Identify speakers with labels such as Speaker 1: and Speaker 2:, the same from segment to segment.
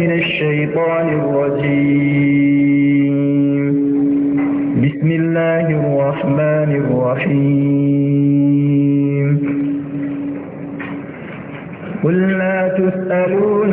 Speaker 1: من الشيطان الرجيم بسم الله الرحمن الرحيم قل لا تسألون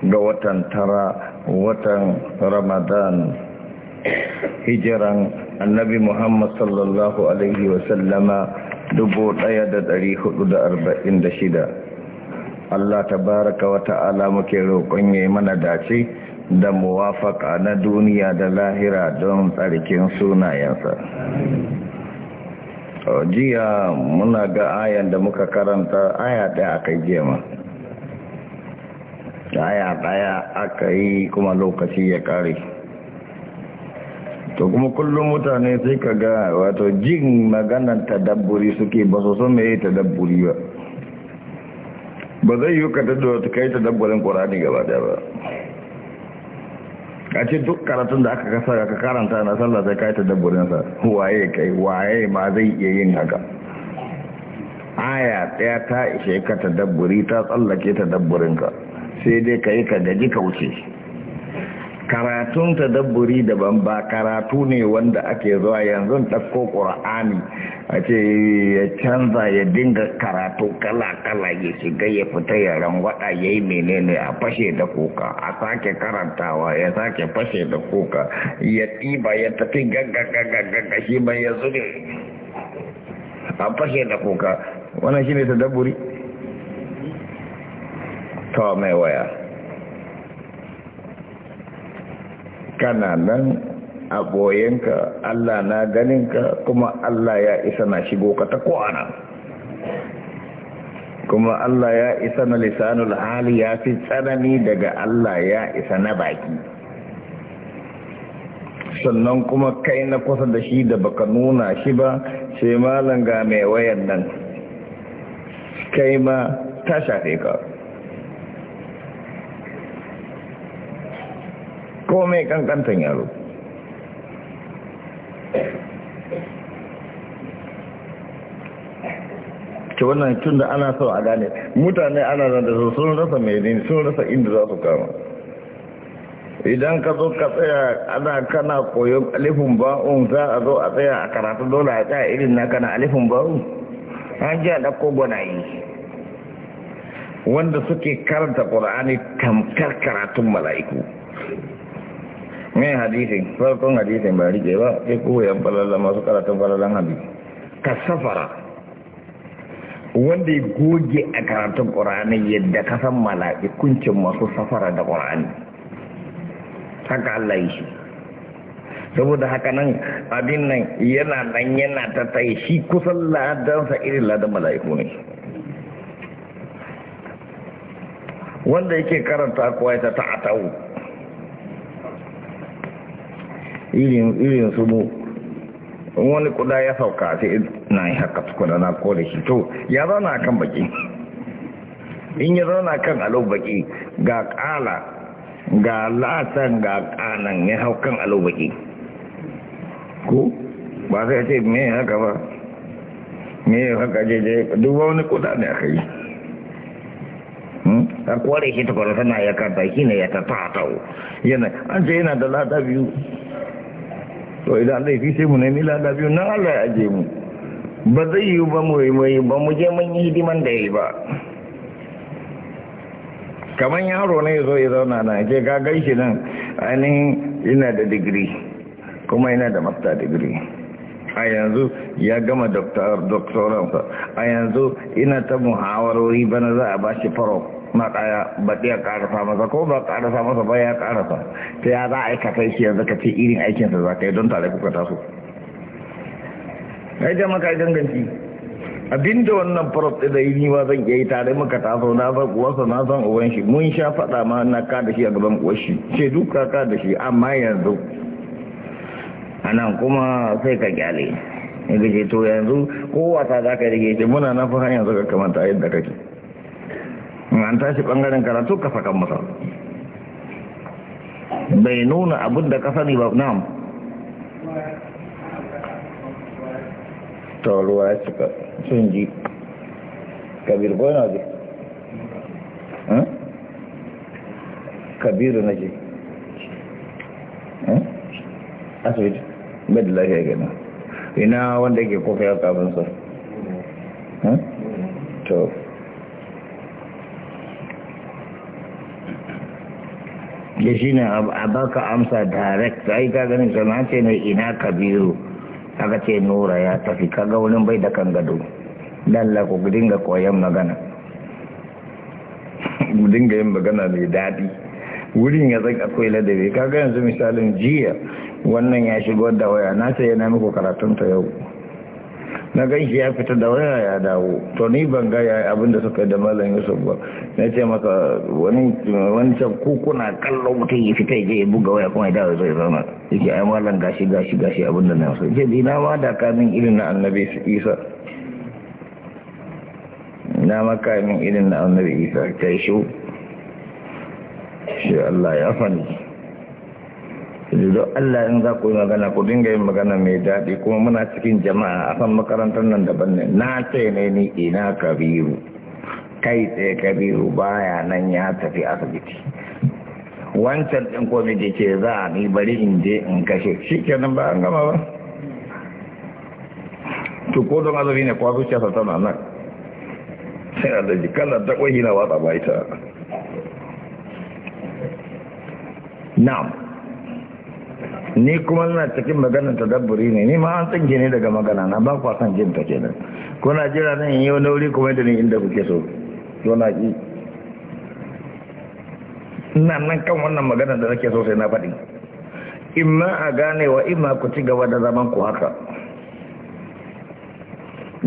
Speaker 2: ga watan tara watan ramadan hijiran annabi muhammad sallallahu alaihi wasallama shida. Allah tabaraka wata ala muke roƙon yayi mana dace da muwafaka na duniya da lahira don tsarkin sunayensa jiya muna ga ayan da muka karanta aya ɗaya akai jiya ma daya daya aka yi kuma lokaci ya kare to kuma kullum mutane sai ka ga wato jin maganar tadabburi suke ba su san meye tadabburi ba ba zai yi ka tattara ta kai tadabburin ƙorani gaba daya ba a ce duk karatun da aka kasa ka karanta na sallah sai kai tadabburinsa waye kai waye ma zai iya yin haka aya ɗaya ta ishe ka tadabburi ta tsallake tadabburinka sai dai ka yi ka gaji ka wuce karatun tadabburi daban ba karatu ne wanda ake zuwa yanzu ɗauko ƙura'ani a ce ya canza ya dinga karatu kala-kala ya shiga ya fita ya rangwada ya yi menene a fashe da kuka a sake karantawa ya sake fashe da kuka ya ɗiba ya tafi gaggagaggaga shi mai ya zube a fashe da kuka wannan shi ne tadabburi ta mai waya kana nan a boyenka Allah na ganinka kuma Allah ya isa na shigo ka ta ko'ana kuma Allah ya isa na lisanul hali ya fi tsanani daga Allah ya isa na baki sannan kuma kai na kusa da shi da baka nuna shi ba sai malam ga mai wayan nan kai ma ta shafe ka komai kankantan yaro ke wannan tun da ana so a gane mutane ana zan da sun rasa mai sun rasa inda za su kama idan ka zo ka tsaya ana kana koyon alifin ba'un za a zo a tsaya a karatu dole a tsaya irin na kana alifin ba'un an ji a ɗauko gwanayi wanda suke karanta ƙura'ani tamkar karatun mala'iku me hadisin farkon hadisi ba rike ba sai koyan falala masu karatun falalan hadisi ka safara wanda ya goge a karatun ƙorani yadda ka san mala'ikuncin masu safara da ƙorani haka Allah yi shi saboda haka nan abin nan yana nan yana ta tai shi kusan ladansa irin ladan mala'iku ne wanda yake karanta kuwa ta ta'atawu irin su mu wani kuda ya sauka sai na yi haka kuna na kore shi to ya zauna kan baki in ya zauna kan alo baki ga kala ga latan ga kanan ya hau kan alo baki ko ba sai ce me haka ba me haka jeje duk wani kuda ne aka yi hmm? a kware shi tukuna tana ya karta shi ne ya ta tatau yana an ce yana da lata biyu to idan fi sai mu ne nemi lada biyu nan Allah ya aje mu ba zai yi ba mu yi ba mu je mun yi hidiman da yi ba kamar yaro ne ya zo ya zauna na ke ka gaishe nan ainihin ina da digiri kuma ina da master digiri a yanzu ya gama doktoransa a yanzu ina ta muhawarori bana za a bashi farau na ɗaya baɗi ya ƙarasa masa ko ba ƙarasa masa ba ya ƙarasa ta ya za a aikata shi yanzu ka ce irin aikinsa za ka yi don tare kuka taso ya ja maka ganganci abinda wannan farot da yi niwa zan iya yi tare ka taso na san uwarsa na san uwan shi mun sha faɗa ma na ka da shi a gaban uwar shi ce duka ka da shi amma yanzu a nan kuma sai ka gyale ya ce to yanzu kowa ta za ka ke ce muna na fi hanyar zaka kamanta yadda kake an tashi bangaren karatu ka saka masa bai nuna abin da ka sani ba na'am to ruwa ya cika sun ji kabir ko yana ji eh? kabiru na je eh? asibiti bai da lafiya gina ina wanda yake kofi ya kafin sa eh? to da shi ne a baka amsa direct ai ka ganin sana ce ne ina kabiru aka ce nura ya tafi kaga wurin bai da kan gado dalla ku dinga koyon magana ku dinga yin magana mai daɗi wurin ya zai akwai ladabi kaga yanzu misalin jiya wannan ya shigo da waya na ce yana muku karatunta yau na gan shi ya fita da waya ya dawo to ni ban ga ya abinda suka da malam yusuf ba na ce maka wani wancan kukuna kallon mutum ya fita je ya buga waya kuma ya dawo zai zama yake ai malam gashi gashi gashi abinda na so ce dina ma da kamin irin na annabi isa na min irin na annabi isa kai shi shi Allah ya fani don Allah in tak kuih yi magana ku dinga magana mai daɗi kuma muna cikin jama'a a makaran makarantar nan daban ne na ne ni ina kabiru kai kabiru baya nan ya tafi asibiti wancan ɗin komiti ce za ni bari in je in kashe shi nan ba an gama ba to ko don azabi ne kwa zuciya sa tana nan sai a kala hina na'am ni kuma na cikin maganar tadabburi ne ni ma an tsinke ne daga magana na ba kwa san jin ta kenan kuna jira nan yau wuri kuma da ni inda kuke so to na ki ina nan kan wannan magana da nake so sai na faɗi imma a gane wa imma ku ci gaba da zaman ku haka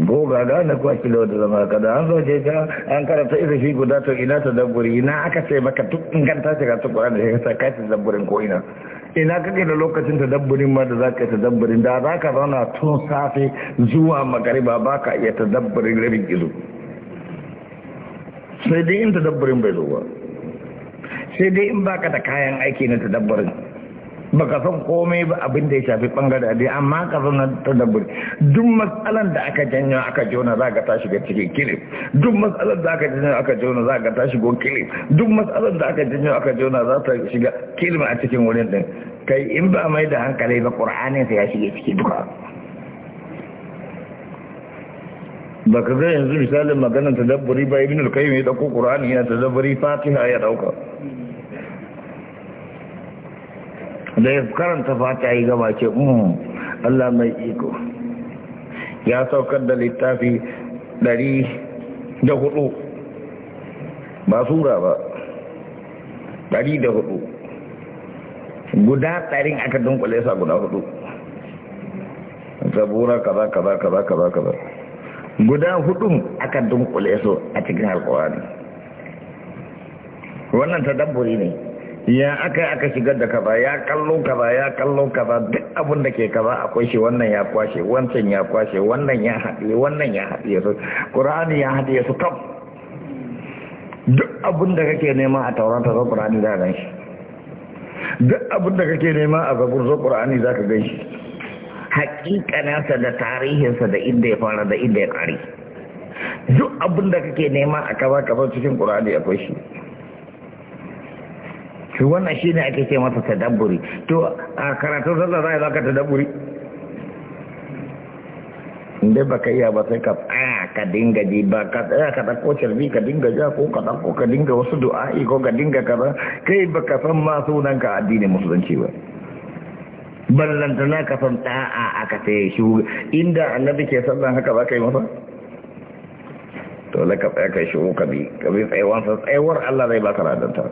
Speaker 2: goga gane kuwa a kilo da zama ka da an zoce ka an karanta shi guda to ina ta dabburi ina aka ce maka duk inganta shiga tukura da shi ka sa kai tadabburin ko ina ina kake da lokacin tadabburin ma da zaka tadabburin da zaka zauna tun safe zuwa magariba baka iya tadabburin rabin gizo sai dai in tadabburin bai zo ba sai dai in baka da kayan aiki na tadabburin baka san komai ba abin da ya shafi bangare dai amma ka zauna tadabbur duk matsalan da aka janyo aka jona za ka ta shiga cikin kilif duk matsalan da aka janyo aka jona za ka ta shigo kilif duk matsalan da aka janyo aka jona za ta shiga kilif a cikin wurin din kai in ba mai da hankali ba qur'ani sai ya shige ciki duka baka ga yanzu misalin maganar tadabburi ba ibn al-qayyim ya dauko qur'ani yana tadabburi fatiha ya dauka da ya karanta fata yi gaba ce mm, Allah mai iko ya saukar da littafi ɗari da hudu ba sura ba ɗari da hudu guda ɗarin aka dunkule sa guda hudu zabura kaza kaza kaza kaza kaza guda hudun aka dunkule su a cikin alkawari wannan ta tadabburi ne ya aka aka shigar da kaza ya kallo kaza ya kallo kaza duk abin da ke kaza akwai shi wannan ya kwashe wancan ya kwashe wannan ya haɗe wannan ya haɗe su ƙur'ani ya haɗe su kaf duk abin da kake nema a taurata zo ƙur'ani za ka shi duk abin da kake nema a zabur zo ƙur'ani za ka gan shi haƙiƙanansa da tarihinsa da inda ya fara da inda ya ƙare duk abin da kake nema a kaza kaza cikin ƙur'ani akwai shi to wannan shi ne ake ce masa tadabburi to a karatun sallah za a zaka tadabburi inda baka iya ba sai ka tsaya ka dinga ji ba ka tsaya ka ɗauko carbi ka dinga ja ko ka ɗauko ka dinga wasu du'a'i ko ka dinga kaza kai baka san ma sunan ka addinin musulunci ba na ka san ɗa'a aka sai shi inda annabi ke sallan haka ba ka yi masa to la ka tsaya ka shi ka bi ka bi tsayawar Allah zai baka radanta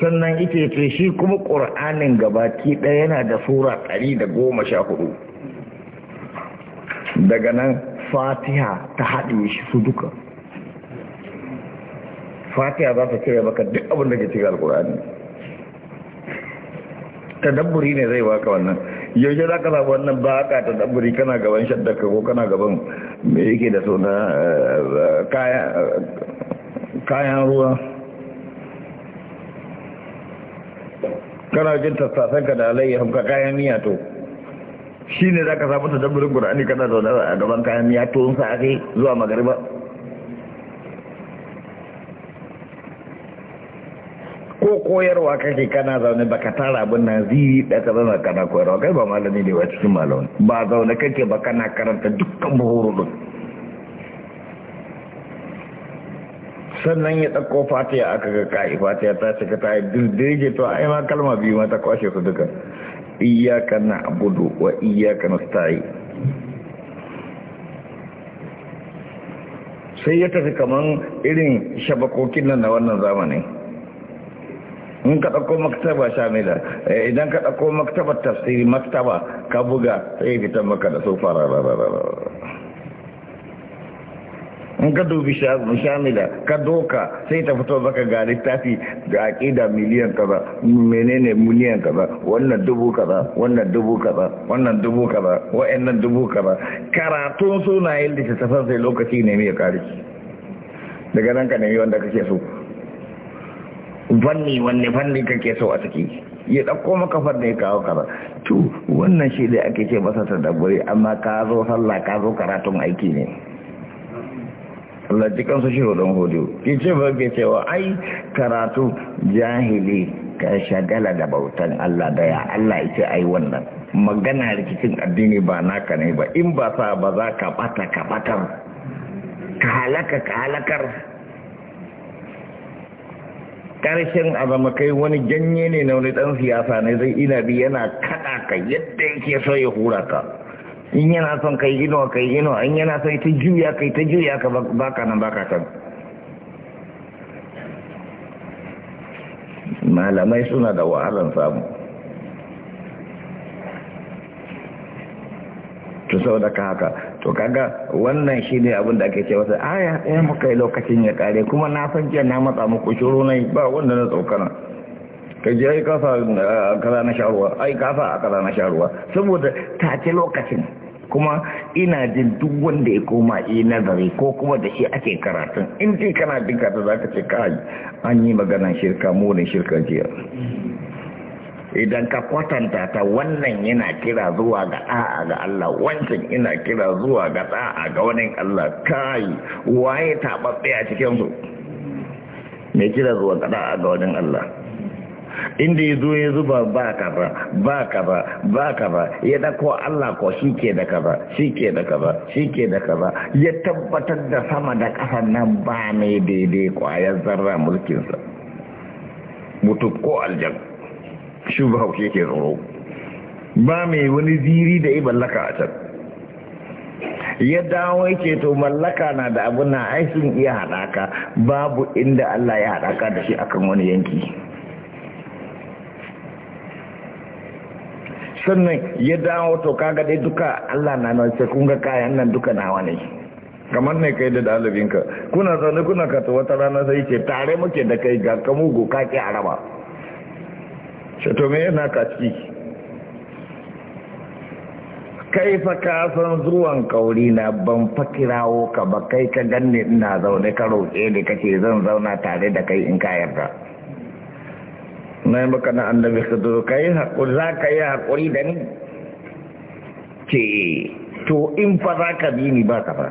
Speaker 2: sannan ita ce shi kuma ƙur'anin gabaki ɗaya yana da sura ɗari da goma sha hudu daga nan fatiha ta haɗe shi su duka fatiha za ta cire maka duk abin da ke cikin alƙur'ani tadabburi ne zai baka wannan yaushe za ka samu wannan ba ka tadabburi kana gaban shaddaka ko kana gaban me yake da suna eh, eh, eh, kayan ruwa kana jin tattasan ka da alayyahum ka kayan miya to shi ne za ka samu ta dabbarin ƙura'ani kana zaune a gaban kayan miya to sa ake zuwa magariba ko koyarwa kake kana zaune ba ka tara abin nan ziri da ka zama kana koyarwa kai ba malami ne wa cikin malamai ba zaune kake ba kana karanta dukkan buhurudun sannan ya ɗauko fatiya aka ga ka'i fatiya ta cika ta yi dirge to a yi ma kalma biyu ma ta kwashe su duka iyakan na abudu wa iyakan na stayi sai ya tafi kaman irin shabakokin nan na wannan zamanin in ka ɗauko maktaba shamila eh, idan ka ɗauko maktabar tafsiri maktaba ka buga sai ya fitan maka da su fara in ka dubi shamila ka doka sai ta fito baka ga littafi ga aƙida miliyan kaza menene miliyan kaza wannan dubu kaza wannan dubu kaza wannan dubu kaza wa'annan dubu kaza karatun sunayen littattafan sai lokaci ne mai kare daga nan ka nemi wanda kake so fanni wanne fanni kake so a ciki ya ɗauko maka fanni kawo kaza to wannan shi da ake ce masa tadabburi amma ka zo sallah ka zo karatun aiki ne Allah ji kansu shi hudun hudu ki ce ba ke cewa ai karatu jahili ka shagala da bautan Allah da ya Allah ya ce ai wannan magana rikicin addini ba naka ne ba in ba sa ba za ka bata ka batar ka halaka ka halakar karshen azama kai wani janye ne na wani dan siyasa ne zai ina bi yana kada ka yadda yake so ya hura ka in yana son kai inuwa kai inuwa in yana son ta juya kai ta juya ka baka nan baka san malamai suna da wahalan samu to sau da ka haka to kaga wannan shi ne abinda da ake ce wata aya ɗaya eh, muka yi lokacin ya ƙare kuma na san jiya na matsa muku shuru na ba wanda na tsokana ka ji ai kasa a kasa na sharuwa ai kasa a kasa na sharuwa saboda ta ce lokacin kuma ina jin duk wanda ya koma yi nazari ko kuma da shi ake karatun in ce kana jin karatun za ka ce kai an yi magana shirka munin shirka jiya idan ka kwatanta ta wannan yana kira zuwa ga 'A'a ga Allah wancan ina kira zuwa ga da'a ga wani Allah kai waye tababbe a cikin su me kira zuwa ga da'a ga wani Allah inda ya zo ya zuba ba kaza ba kaza ba kaza ya dako Allah ko shi ke da kaza shi ke da kaza shi ke da kaza ya tabbatar da sama da ƙasar nan ba mai daidai kwayar zarra mulkinsa mutu ko aljan ba ke ke tsoro ba mai wani ziri da iballaka a can ya dawo yake to mallaka na da abu na aikin iya haɗaka babu inda Allah ya haɗaka da shi akan wani yanki sannan ya dawo to kaga dai duka Allah na nan sai kun ga kayan nan duka nawa ne kamar ne kai da dalibinka kuna zaune kuna kata wata rana sai ce tare muke da kai ga kamu go kake araba shi to me yana ka ciki kai fa ka san zuwan kauri na ban fa kirawo ka ba kai ka ganne ina zaune ka roƙe da kace zan zauna tare da kai in ka yarda na yi maka na annabi sadar ka yi haƙuri za ka yi haƙuri da ni ce to in fa za ka bi ni ba ka fa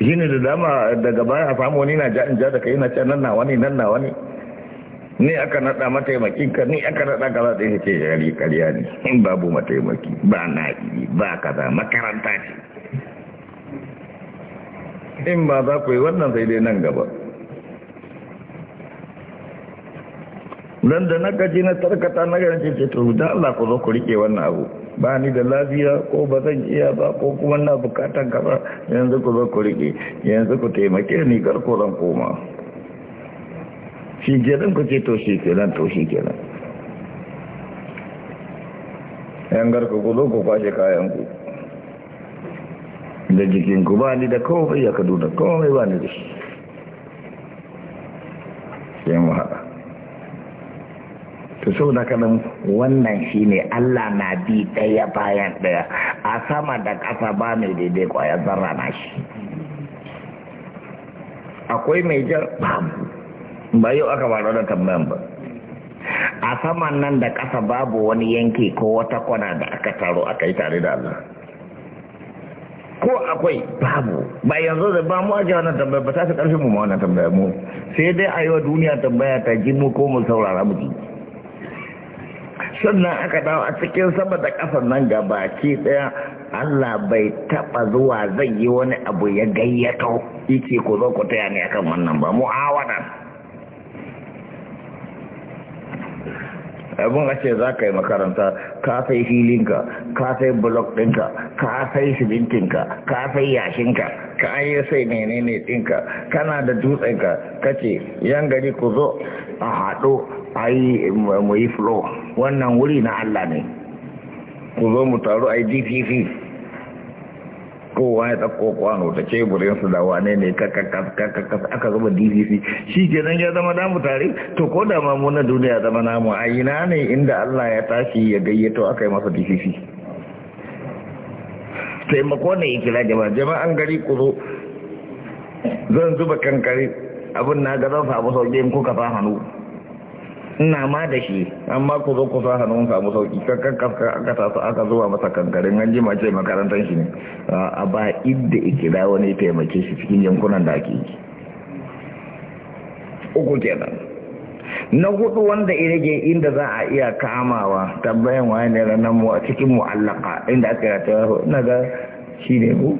Speaker 2: shi ne da dama daga baya a samu wani na ja ja da kai na ce nan nawa ne nan nawa ne ni aka nada mataimakin ka ni aka nada ka za ta yi ce yari kariya ne in babu mataimaki ba na yi ba kaza makaranta ce in ba za ku yi wannan sai dai nan gaba nan da na gaji na tarkata na ganin cece to da Allah ku zo ku rike wannan abu ba ni da lafiya ko ba zan iya ba ko kuma na bukatan ka ba yanzu ku zo ku rike yanzu ku taimake ni gar ko zan koma shi gidan ku ce to shi kenan to shi kenan yan garku ku zo ku kwashe kayan ku da jikin ku ba ni da komai ya kaduna komai ba ni da shi sai mu haɗa to saboda kanan wannan shine Allah na bi daya bayan daya a sama da ƙasa ba mai daidai kwayar zarra na shi akwai mai jar babu ba yau aka ba da tambayan ba a sama nan da ƙasa babu wani yanki ko wata kwana da aka taro aka yi tare da Allah ko akwai babu ba yanzu da ba mu ajiye wannan tambaya ba ta fi ƙarfin mu ma wannan tambaya mu sai dai a yi wa duniya tambaya ta ji mu ko mu saurara mu ji sannan aka dawo a cikin sama da kasar nan ga baki ɗaya Allah bai taɓa zuwa zai yi wani abu ya gayyato yake ku zo ku taya ne akan wannan ba mu abin a ce za ka yi makaranta ka sai filinka ka sai blok ɗinka ka sai shibinkinka ka sai yashinka ka ayi sai menene ɗinka kana da dutsenka kace yan gari ku zo a haɗo a yi mu flow wannan wuri na Allah ne ku zo mu taru a yi dpp kowa ya ɗauko kwano ta su da wane ne ka aka zuba dvc shi ke nan ya zama damu tare to ko da mamu na duniya zama namu a na ne inda allah ya tashi ya gayyato aka yi masa dvc taimako ne ya kira jama'a jama'an gari ku zo zan zuba kankare abin na ga zan samu sauƙi in kuka sa hannu ina ma da shi amma ku zo ku sa in samu sauƙi kankan kafka aka taso aka zuwa masa kankarin an jima ce makarantar shi ne a ba idda kira wani taimake shi cikin yankunan da ake yi uku kenan na hudu wanda ya rage inda za a iya kamawa tabbayan waye ne ranar mu a cikin mu'allaka inda aka yi ta yaro ina ga shi ne ku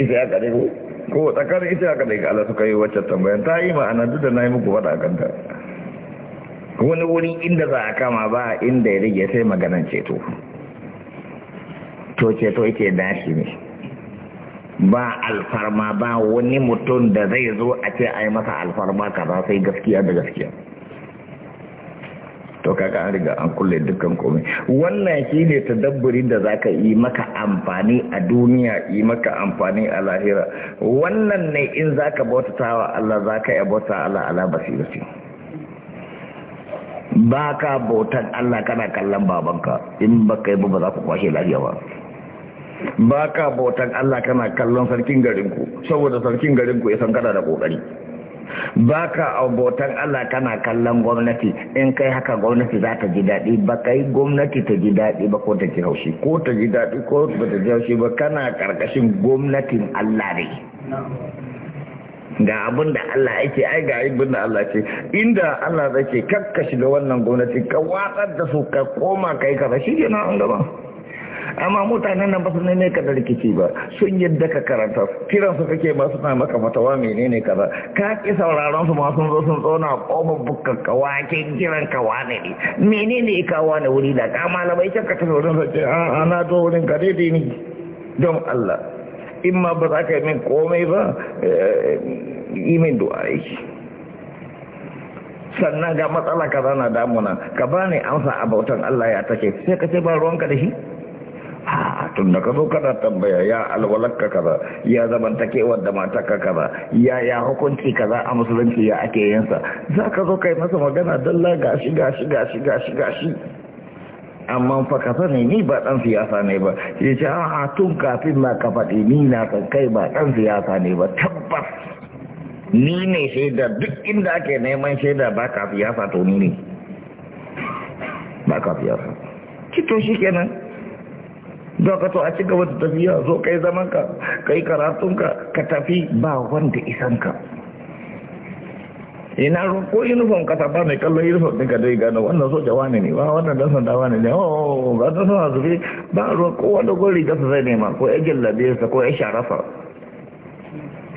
Speaker 2: ita ya kare ku ko tsakanin ita ya kare ala suka yi wacce tambayan ta yi ma'ana duk da na yi muku wada kanta wani wuri inda za a kama ba inda ya rage sai maganan ceto to ceto ita dashi ne ba alfarma ba wani mutum da zai zo a ce a yi masa alfarma kaza sai gaskiya da gaskiya to kaga an riga an kulle dukkan komai wannan shine tadabburin da zaka yi maka amfani a duniya yi maka amfani a lahira wannan ne in zaka bautawa Allah zaka yi bauta Allah ala basirati ba ka bautan Allah kana kallon babanka in baka yi ba za ku kwashe lafiya ba ba ka bautan Allah kana kallon sarkin garinku saboda sarkin garinku ya san kada da kokari Baka abotan Allah kana kallon gwamnati in kai haka gwamnati za ta ji daɗi ba kai gwamnati ta ji daɗi ba ko ta ji haushi ko ta ji daɗi ko ba ta ji haushi ba kana ƙarƙashin gwamnatin Allah ne ga abin da Allah yake ai ga abin da Allah ce inda Allah zai ce kakka shiga wannan gwamnati ka watsar da su ka koma kai ka ba shi an gaba amma mutanen nan ba su ne ka da rikici ba sun yadda ka karanta kiran su kake ba suna maka fatawa menene kaza ka ki sauraron su ma sun zo sun tsona koma bukkan ka wake kiran ka wane ne menene ka wane wuri da ka malamai can ka tafi wurin sace a ah, ah, na to wurin ka daidai ni don Allah in ma ba za ka yi min komai ba eh, yi min du'a sannan ga matsala kaza na damuna ka bani amsa a bautan Allah ya take sai ka ce ba ruwanka da shi tun da ka zo kana tambaya ya alwalakka kaza ya zamantakewar da matarka kaza ya ya hukunci kaza a musulunci ya ake yinsa za ka zo kai masa magana dalla gashi
Speaker 1: gashi gashi gashi gashi
Speaker 2: amma fa ka sani ni ba dan siyasa ne ba ya ce a tun kafin ma ka faɗi ni na san kai ba dan siyasa ne ba tabbas ni ne shaida duk inda ake neman shaida ba ka siyasa to ni ne ba ka siyasa ki to shi kenan don ka to a ci gaba da tafiya zo kai zamanka kai karatunka ka tafi ba wanda isanka ina ko uniform ka ba mai kallon uniform ka dai gano wannan soja wani ne ba wannan dan sanda wani ne oh ba ta sana zube ba ruwa kowa da gwari gasa zai nema ko ya gillabe ko ya sharafa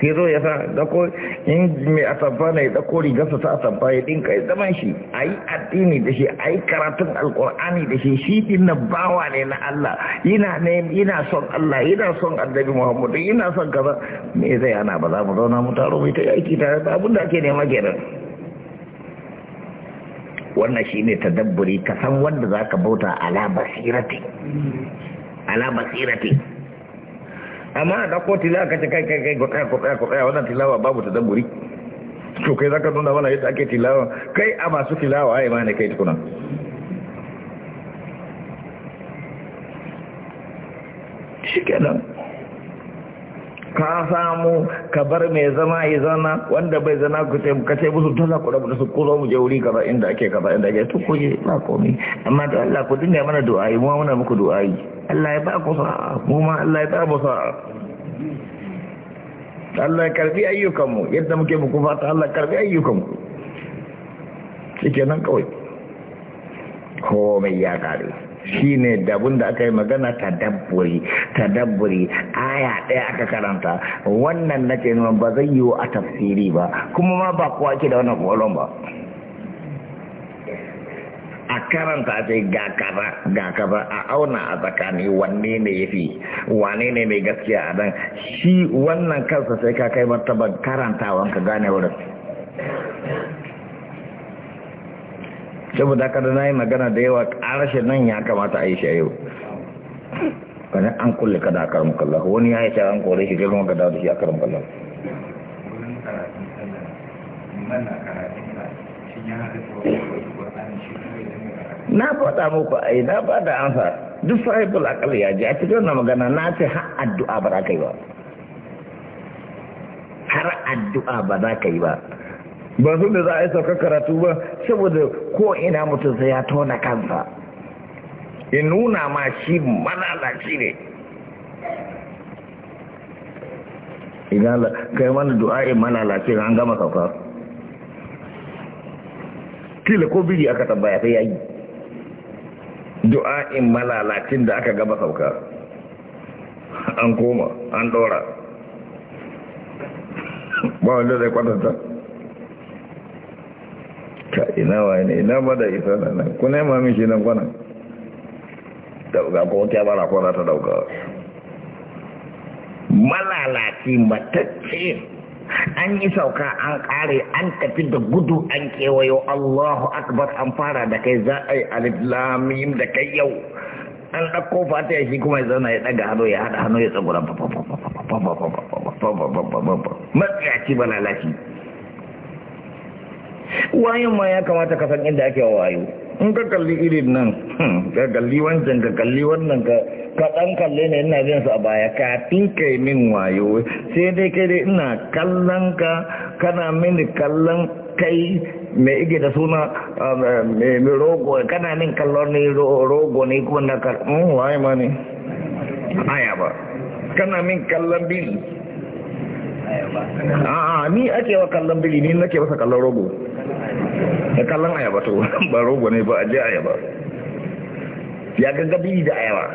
Speaker 2: sai zo ya sa dako in mai na ya dako rigarsa ta atamfa ya dinka ya zama shi a yi addini da shi a yi karatun alkur'ani da shi shi din na bawa ne na Allah yana ne yana son Allah yana son annabi Muhammadu yana son kaza me zai ana ba za mu zauna mu taro mu ta aiki tare ba abin da ake nema kenan wannan shi ne tadabburi ka san wanda zaka bauta ala basirati ala basirati amma a ɗauko tilawa a kace kai kai kai kwatsaya ko kwatsaya wannan tilawa babu ta damburi to kai zaka nuna mana yadda ake tilawa kai a masu tilawa ai ma ne kai tukuna shikenan ka samu ka bar mai zama ya zana wanda bai zana ku ce ka ce musu dole ku rabu da su kuzo mu je wuri kaza inda ake kaza inda ake to ko je ba komai amma da Allah ku dinga mana du'a'i mu muna muku du'a'i Allah ya ba ku sa mu ma Allah ya ba mu sa Allah ya ayyukan ayyukanmu yadda muke muku fata Allah karbi ayyukanku shikenan kawai komai ya kare shine dabun da aka yi magana ta dabburi ta dabburi aya ɗaya aka karanta wannan nake nuna ba zai yiwu a tafsiri ba kuma ma ba kowa ke da wannan kwallon ba a karanta sai ga a auna a tsakani wanne ne ya fi wane ne mai gaskiya a dan shi wannan kansa sai ka kai martaban karantawan ka gane wurin saboda kada na yi magana da yawa ƙarashe nan ya kamata a yi shi a yau wani an kulle kada a karin kalla wani ya yi shi an kore shi girma ga dawo shi a karin kallahu na faɗa muku yi na ba da sa duk sahibul akal ya ji a cikin wannan magana na ce har addu'a ba za ka yi ba har addu'a ba za ka yi ba ba su da za a yi sauka karatu ba saboda ko ina mutum sai ya tona kansa in nuna ma shi malalaci ne idan kai mana du'a'in malalaci an gama sauka. kila ko biyu aka tambaya sai ya yi du'a'in malalacin da aka gama sauka an koma an dora ba wanda zai kwatanta ka ina waye ne ina ba da ita nan ku ne min shi nan kwanan dauka ko ta bara ko za ta dauka malalaci matacce an yi sauka an kare an tafi da gudu an kewayo Allahu akbar an fara da kai za a yi alif da kai yau an ɗauko fata shi kuma ya zauna ya ɗaga hannu ya haɗa hannu ya tsagura matsiyaci wayan ma ya kamata ka san inda ake wayo in ka kalli irin nan hmm, ka kalli wancan ka kalli wannan ka ka dan kalle ne ina jin su a baya ka kai min wayo sai dai kai dai ina kallon ka kana mini kallon kai mai ige da suna um, um, mai rogo kana min kallon ne rogo ne kuma na kar hmm, waye ma ne aya ba kana min kallon bili a'a ni ake wa kallon biri ni nake masa kallon rogo da kallon ayaba to ba rogo ne ba aje ayaba ya gaga biri da ayaba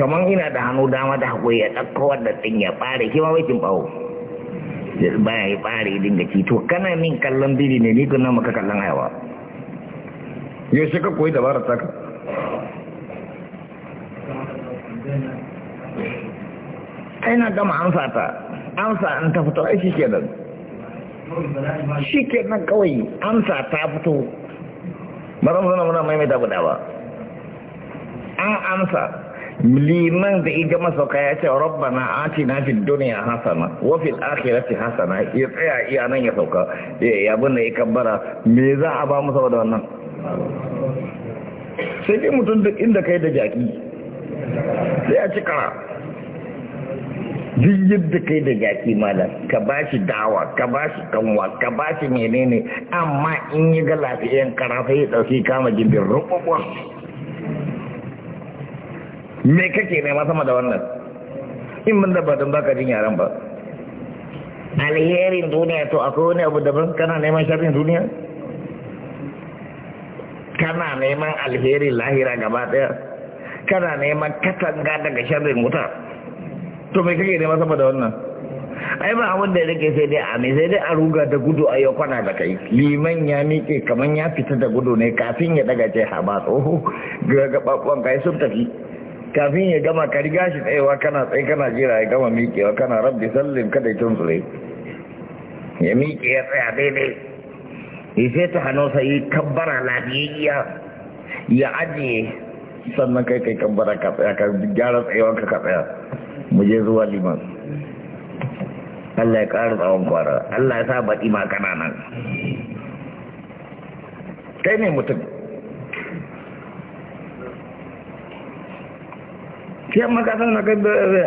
Speaker 2: kamar ina da hannu dama da haƙuri ya ɗakko wadda ɗin ya ɓare shi ma wakin ya baya ya ɓare ya dinga ci to kana min kallon biri ne ni kuna maka kallon ayaba yaushe ka koyi dabarar taka ai na gama amsa ta amsa an ta fito aiki kenan shi kenan kawai amsa ta fito mara zan zana muna mai guda ba an amsa liman da iga masauka ya ce rabbana na fi duniya hasana wafi fil hasana ya tsaya iya nan ya sauka ya abin da ya kabbara me za a ba mu saboda wannan sai dai mutum duk inda kai da jaki sai a ci kara duk yadda kai da jaki malam ka ba shi dawa ka ba shi kanwa ka ba shi menene amma in yi ga lafiyan karafa ya ɗauki kama gindin rukukuwa me kake nema sama da wannan in ban da ba don baka jin yaran ba alherin duniya to akwai wani abu daban kana neman sharrin duniya kana neman alherin lahira gaba daya kana neman katanga daga sharrin wuta to mai kake nema sama da wannan ai ba abin da yake sai dai a me sai dai a ruga da gudu a yau kwana da kai liman ya miƙe kaman ya fita da gudu ne kafin ya daga ce haba tsoho ga gaɓaɓɓen kai sun tafi kafin ya gama ka riga shi tsayewa kana tsaye kana jira ya gama miƙewa kana rabbi sallim kada ya tsure ya miƙe ya tsaya daidai ya sai ta hano sai kabbara lafiyayya ya ajiye sannan kai kai kabbara ka tsaya ka gyara tsayewanka ka tsaya mu je zuwa liman Allah ya ƙara tsawon kwara Allah ya sa baɗi ma kananan kai ne mutum sai maka san na kai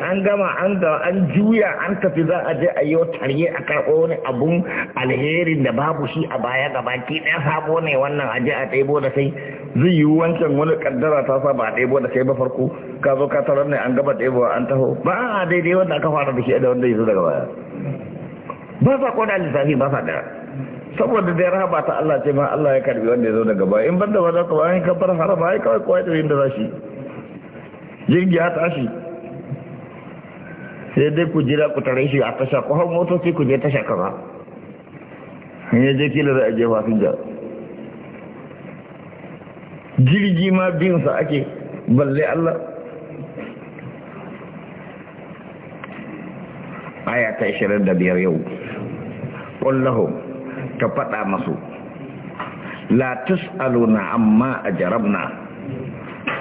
Speaker 2: an gama an da an juya an tafi za a je a yi tarye a karɓo wani abun alherin da babu shi a baya gaba ke ɗaya sabo ne wannan a je a taibo da sai zai yi wancan wani kaddara ta sa ba a ɗebo da kai ba farko ka zo ka tarar ne an gaba ɗebo an taho ba a daidai wanda aka fara da shi da wanda ya zo daga baya ba sa da lissafi ba sa da. saboda da ya ba ta Allah ce ma Allah ya karbi wanda ya zo daga baya in banda ba za ka bayan ka bar harama ai kawai kawai da inda za shi jirgi ya tashi sai dai ku jira ku tare shi a tasha ku hau motoci ku je tasha kaza in ya je kila za a je fasinja jirgi ma binsa ake balle Allah aya ta 25 yau ƙullahu ka faɗa masu la aluna amma a jarabna.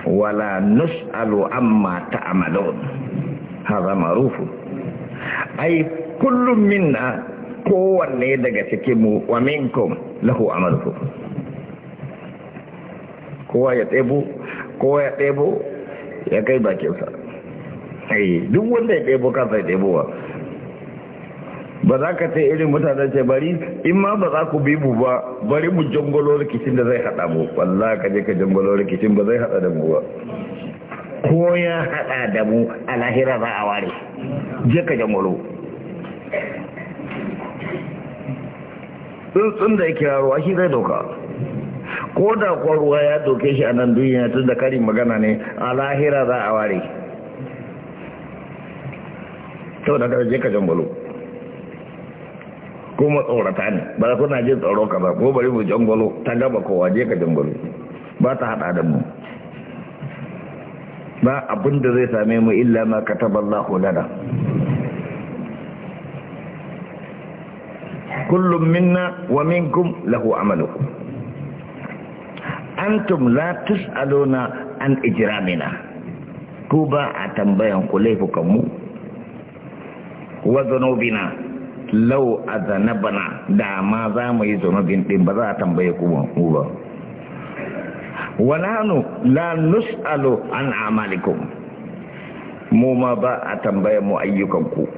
Speaker 2: wala nus alu amma ta ta'malun hadha ma'rufu ai kullum minna kowanne daga cikin mu wa minkum lahu amalukum kowa ya ɗebo kowa ya ɗebo ya kai bakinsa eh, duk wanda ya ɗebo kansa ya ɗebowa ba za ka ce irin mutanen ce bari in ma ba za ku bi mu ba bari mu jangolo rikicin da zai haɗa mu wallah ka je ka jangolo rikicin ba zai hada da mu ba ko ya hada da mu a lahira za a ware je ka jangolo tsuntsun da ya kira ruwa shi zai dauka ko da kuwa ruwa ya doke shi a nan duniya tun da karin magana ne a lahira za a ware sau da kada je ka jambalo ko matsorata ne ba kuna jin tsaro ka ba ko bari mu jambalo ta gaba kowa je ka jambalo ba ta hada da mu ba abin da zai same mu illa ma ka lahu lana kullum minna wa minkum lahu amalukum antum la tus'aluna an ijramina ku ba a tambayan ku laifukan mu wa zunubina law azanabana da ma za mu yi zunubin din ba za a tambaye ku ba wa nahnu la nus'alu an amalikum mu ma ba a tambayan mu ayyukan ku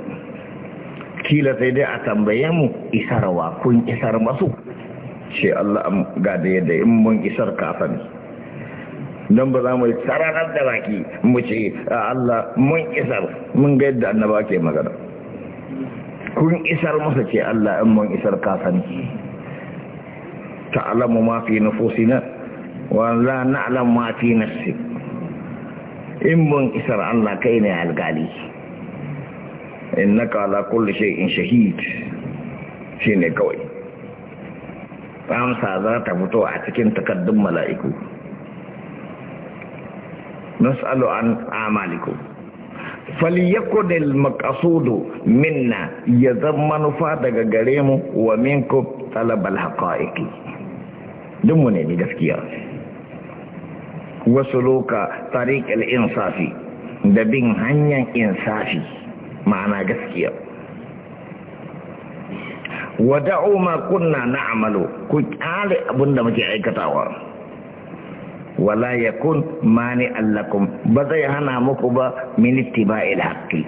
Speaker 2: kila sai dai a tambaye mu isarwa kun isar masu Ce Allah ga da yadda in mun isar kafani don ba za mu yi tsararar da baki mu ce a Allah mun isar mun ga yadda annaba ke magana kun isar masa ce Allah in mun isar kafani ta'alamu ma fi nufusina wa la na'lam ma fi nafsi in mun isar Allah kai ne algali kala kulle shi in shahid ne kawai amsa za ta fito a cikin takardun mala'iku nas'alu an amaliku falyakunil maqasudu minna ya zama manufa daga gare mu wa minku talabal haqa'iqi Dun mu ni gaskiya wasu loka tariqil insafi da bin hanyar insafi ma'ana gaskiya wa da'u ma kunna na'malu ku kyale abinda muke aikatawa wala yakun mani allakum ba zai hana muku ba min ittiba'il haqqi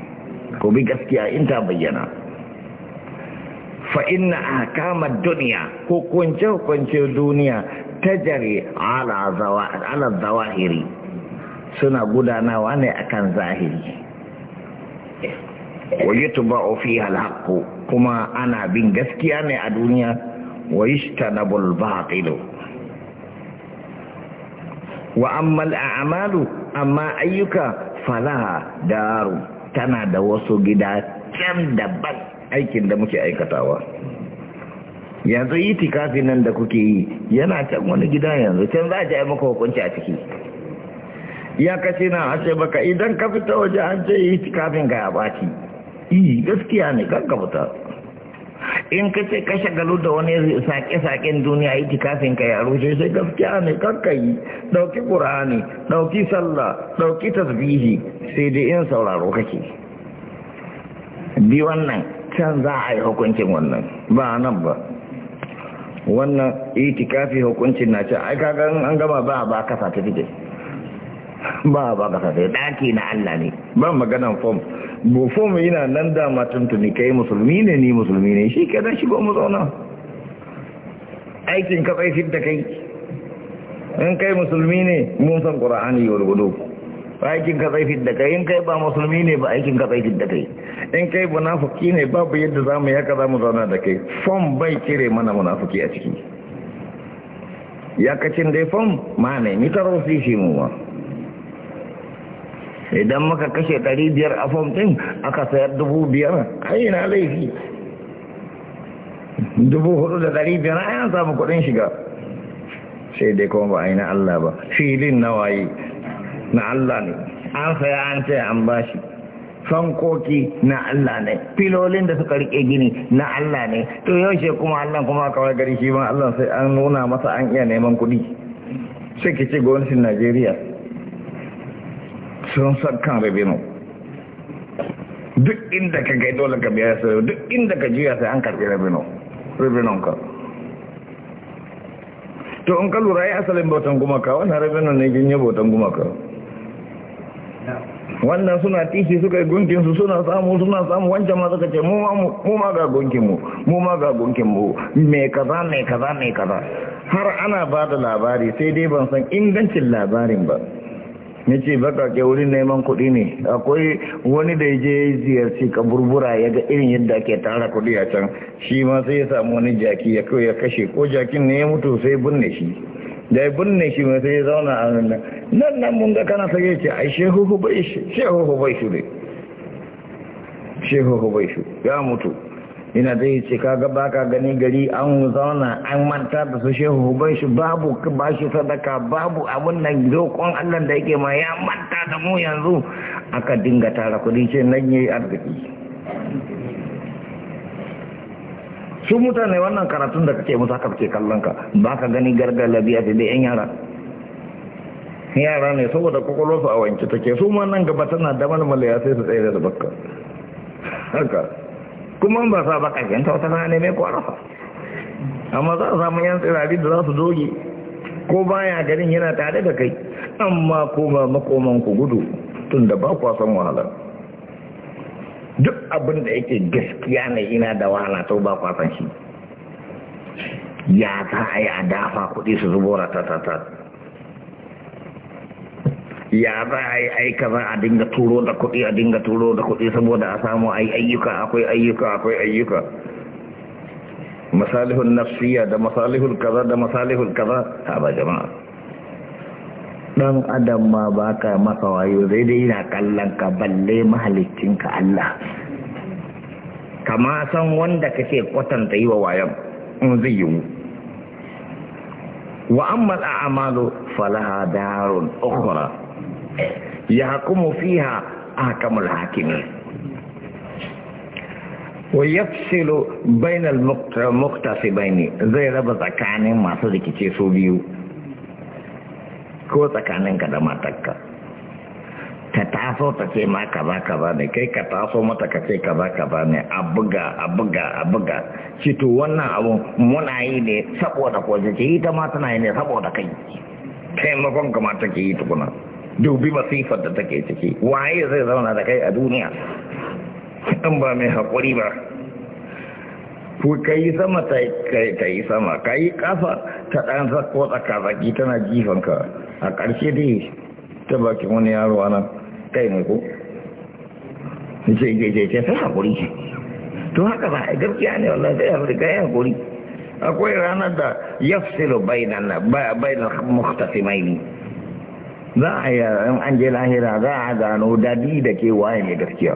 Speaker 2: ku bi gaskiya in ta bayyana fa inna ahkama dunya ko kunce kunce duniya tajari ala zawa ala zawahiri suna gudanawa ne akan zahiri wa yutba'u fiha ofi haqq kuma ana bin gaskiya ne a duniya wa yajtanabu al-batil wa amma amalu amma ayyuka falaha daru tana da wasu gida can daban aikin da muke aikatawa yanzu itikafi nan da kuke yi yana can wani gida yanzu can za a ji maka hukunci a ciki ya kace na ashe baka idan ka fita waje an ce itikafin ga ya baki. gaskiya ne kanka fita in ka ce ka shagalu da wani sake-saken duniya yi kafin ka yaro shi sai gaskiya ne kanka yi ɗauki ƙura'ani ɗauki sallah ɗauki tasbihi sai dai in sauraro kake bi wannan can za a yi hukuncin wannan ba nan ba wannan kafin hukuncin na ce aikakan an gama ba ba ka certificate ba ba ka sai daki na Allah ne ba maganan fom bo fom yana nan da matan tuni kai musulmi ne ni musulmi ne shi kenan shigo mu zauna aikin ka tsaye da kai in kai musulmi ne mun san qur'ani yau gudu aikin ka tsaye da kai in kai ba musulmi ne ba aikin ka tsaye da kai in kai munafiki ne babu yadda zamu yi kaza zamu zauna da kai fom bai kire mana munafiki a ciki yakacin dai fom ma ne mitar wasu shi mu ma idan muka kashe ɗari biyar a fom ɗin aka sayar dubu biyar ai na laifi dubu hudu da ɗari biyar ai an samu kuɗin shiga sai dai kuma ba a yi na Allah ba filin na waye na Allah ne an saya an ce an bashi fankoki na Allah ne filolin da suka rike gini na Allah ne to yaushe kuma Allah kuma kawai gari shi ma Allah sai an nuna masa an iya neman kuɗi sai ke ce gwamnatin Najeriya sun san kan rabinu duk inda ka kai dole ka biya su duk inda ka juya sai an karbi rabinu rabinun ka to in ka lura ya asalin bautan gumaka wannan rabinun ne jinye bautan gumaka wannan suna tishi suka yi gunkinsu suna samu suna samu wancan ma suka ce mu ma ga gunkin mu ma ga gunkinmu me kaza me kaza me kaza har ana ba da labari sai dai ban san ingancin labarin ba ya ce bakake wurin neman kuɗi ne akwai wani da ya je ziyarci kaburbura ya ga irin yadda ake tara kuɗi a can shi ma sai ya samu wani jaki ya kawai ya kashe ko jakin ne ya mutu sai binne shi da ya binne shi mai sai ya zauna a nan nan nan mun ga kana sai ya ce ai shehu bai shi shehu bai bai shi ya mutu ina da yi ce kaga ba ka gani gari an zauna an manta da su shehu hubai shi babu ba shi sadaka babu abin nan zokon allah da yake ma ya manta da mu yanzu aka dinga tara kudi ce nan yi arziki su mutane wannan karatun da kake musu haka kake kallon ka ba ka gani gargar labiya da dai yan yara yara ne saboda kwakwalwarsu a wanke take su ma nan gaba tana damar malmala sai su tsaye da bakka haka kuma ba sa ba kafin ta wata rana mai fa amma za a samu yan tsirari da za su doge ko baya garin yana tare da kai amma ko ba makoman ku gudu tun da ba kwa san wahala duk abin da yake gaskiya ne ina da wahala to ba kwa san shi ya za a yi a dafa kuɗi su zubo ratatatata ya za a yi aika za a dinga turo da kuɗi a dinga turo da kuɗi saboda a samu a ayyuka akwai ayyuka akwai ayyuka masalihun nafsiya da masalihun kaza da masalihun kaza ta ba jama'a ɗan adam ma ba ka masa wayo zai dai yana kallon ka balle mahalicinka Allah kama san wanda kake kwatanta yi wa wayan in zai yiwu wa amma al'amalu falaha darun ukhra fiha, a يحكم فيها أحكم الحاكمين ويفصل بين المقتصبين زي ربط كان ما صدق تشيسو biyu, ko tsakaninka da matarka ta taso ta ce ma kaza kaza ne kai ka taso mata ka ce kaza kaza ne a buga a buga a buga shi to wannan abu muna yi ne saboda ko ce ita ma tana yi ne saboda kai taimakon kamata ke yi tukuna dubi masifar da take ciki waye zai zauna da kai a duniya in ba mai haƙuri ba ku kai sama ta yi sama kai yi kafa ta ɗan ko tsaka-tsaki tana jifanka a ƙarshe dai ta bakin wani yaro ana kai ne ko ce ce ce sai haƙuri ce to haka ba a gaskiya ne wallah sai afirka ya haƙuri akwai ranar da yafsilu bainan bainan muhtasimaini za a yi an je lahira za a gano dadi da ke waye mai gaskiya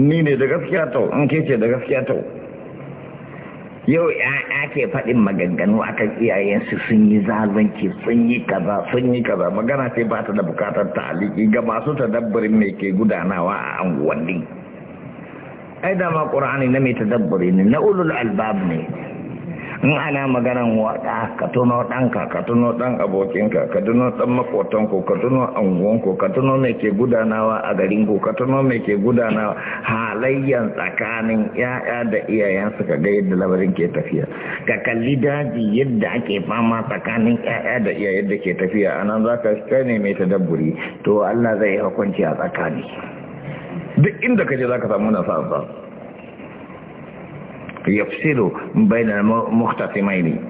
Speaker 2: ni ne da gaskiya tau an ke ce da gaskiya tau yau ya ke faɗin maganganu a akan iyayensu sun yi zalunci sun yi kaza sun yi kaza magana sai ba ta da bukatar aliki ga masu tadabbarin mai ke gudanawa a anguwanni ai dama ƙur'ani na mai tadabbari ne na ulul albab ne in ana maganan waɗa ka tuno ɗanka ka tuno ɗan abokinka ka tuno ɗan makotanku ka tuno anguwanku ka tuno mai ke gudanawa a garinku ka tuno mai ke gudanawa halayyan tsakanin ya'ya da iyayen suka ga yadda labarin ke tafiya ka kalli daji yadda ake fama tsakanin ya'ya da iyayen da ke tafiya a nan za ka kai ne mai tadabburi to Allah zai hukunci a tsakani duk inda ka je za ka samu nasara يفصل بين المختصمين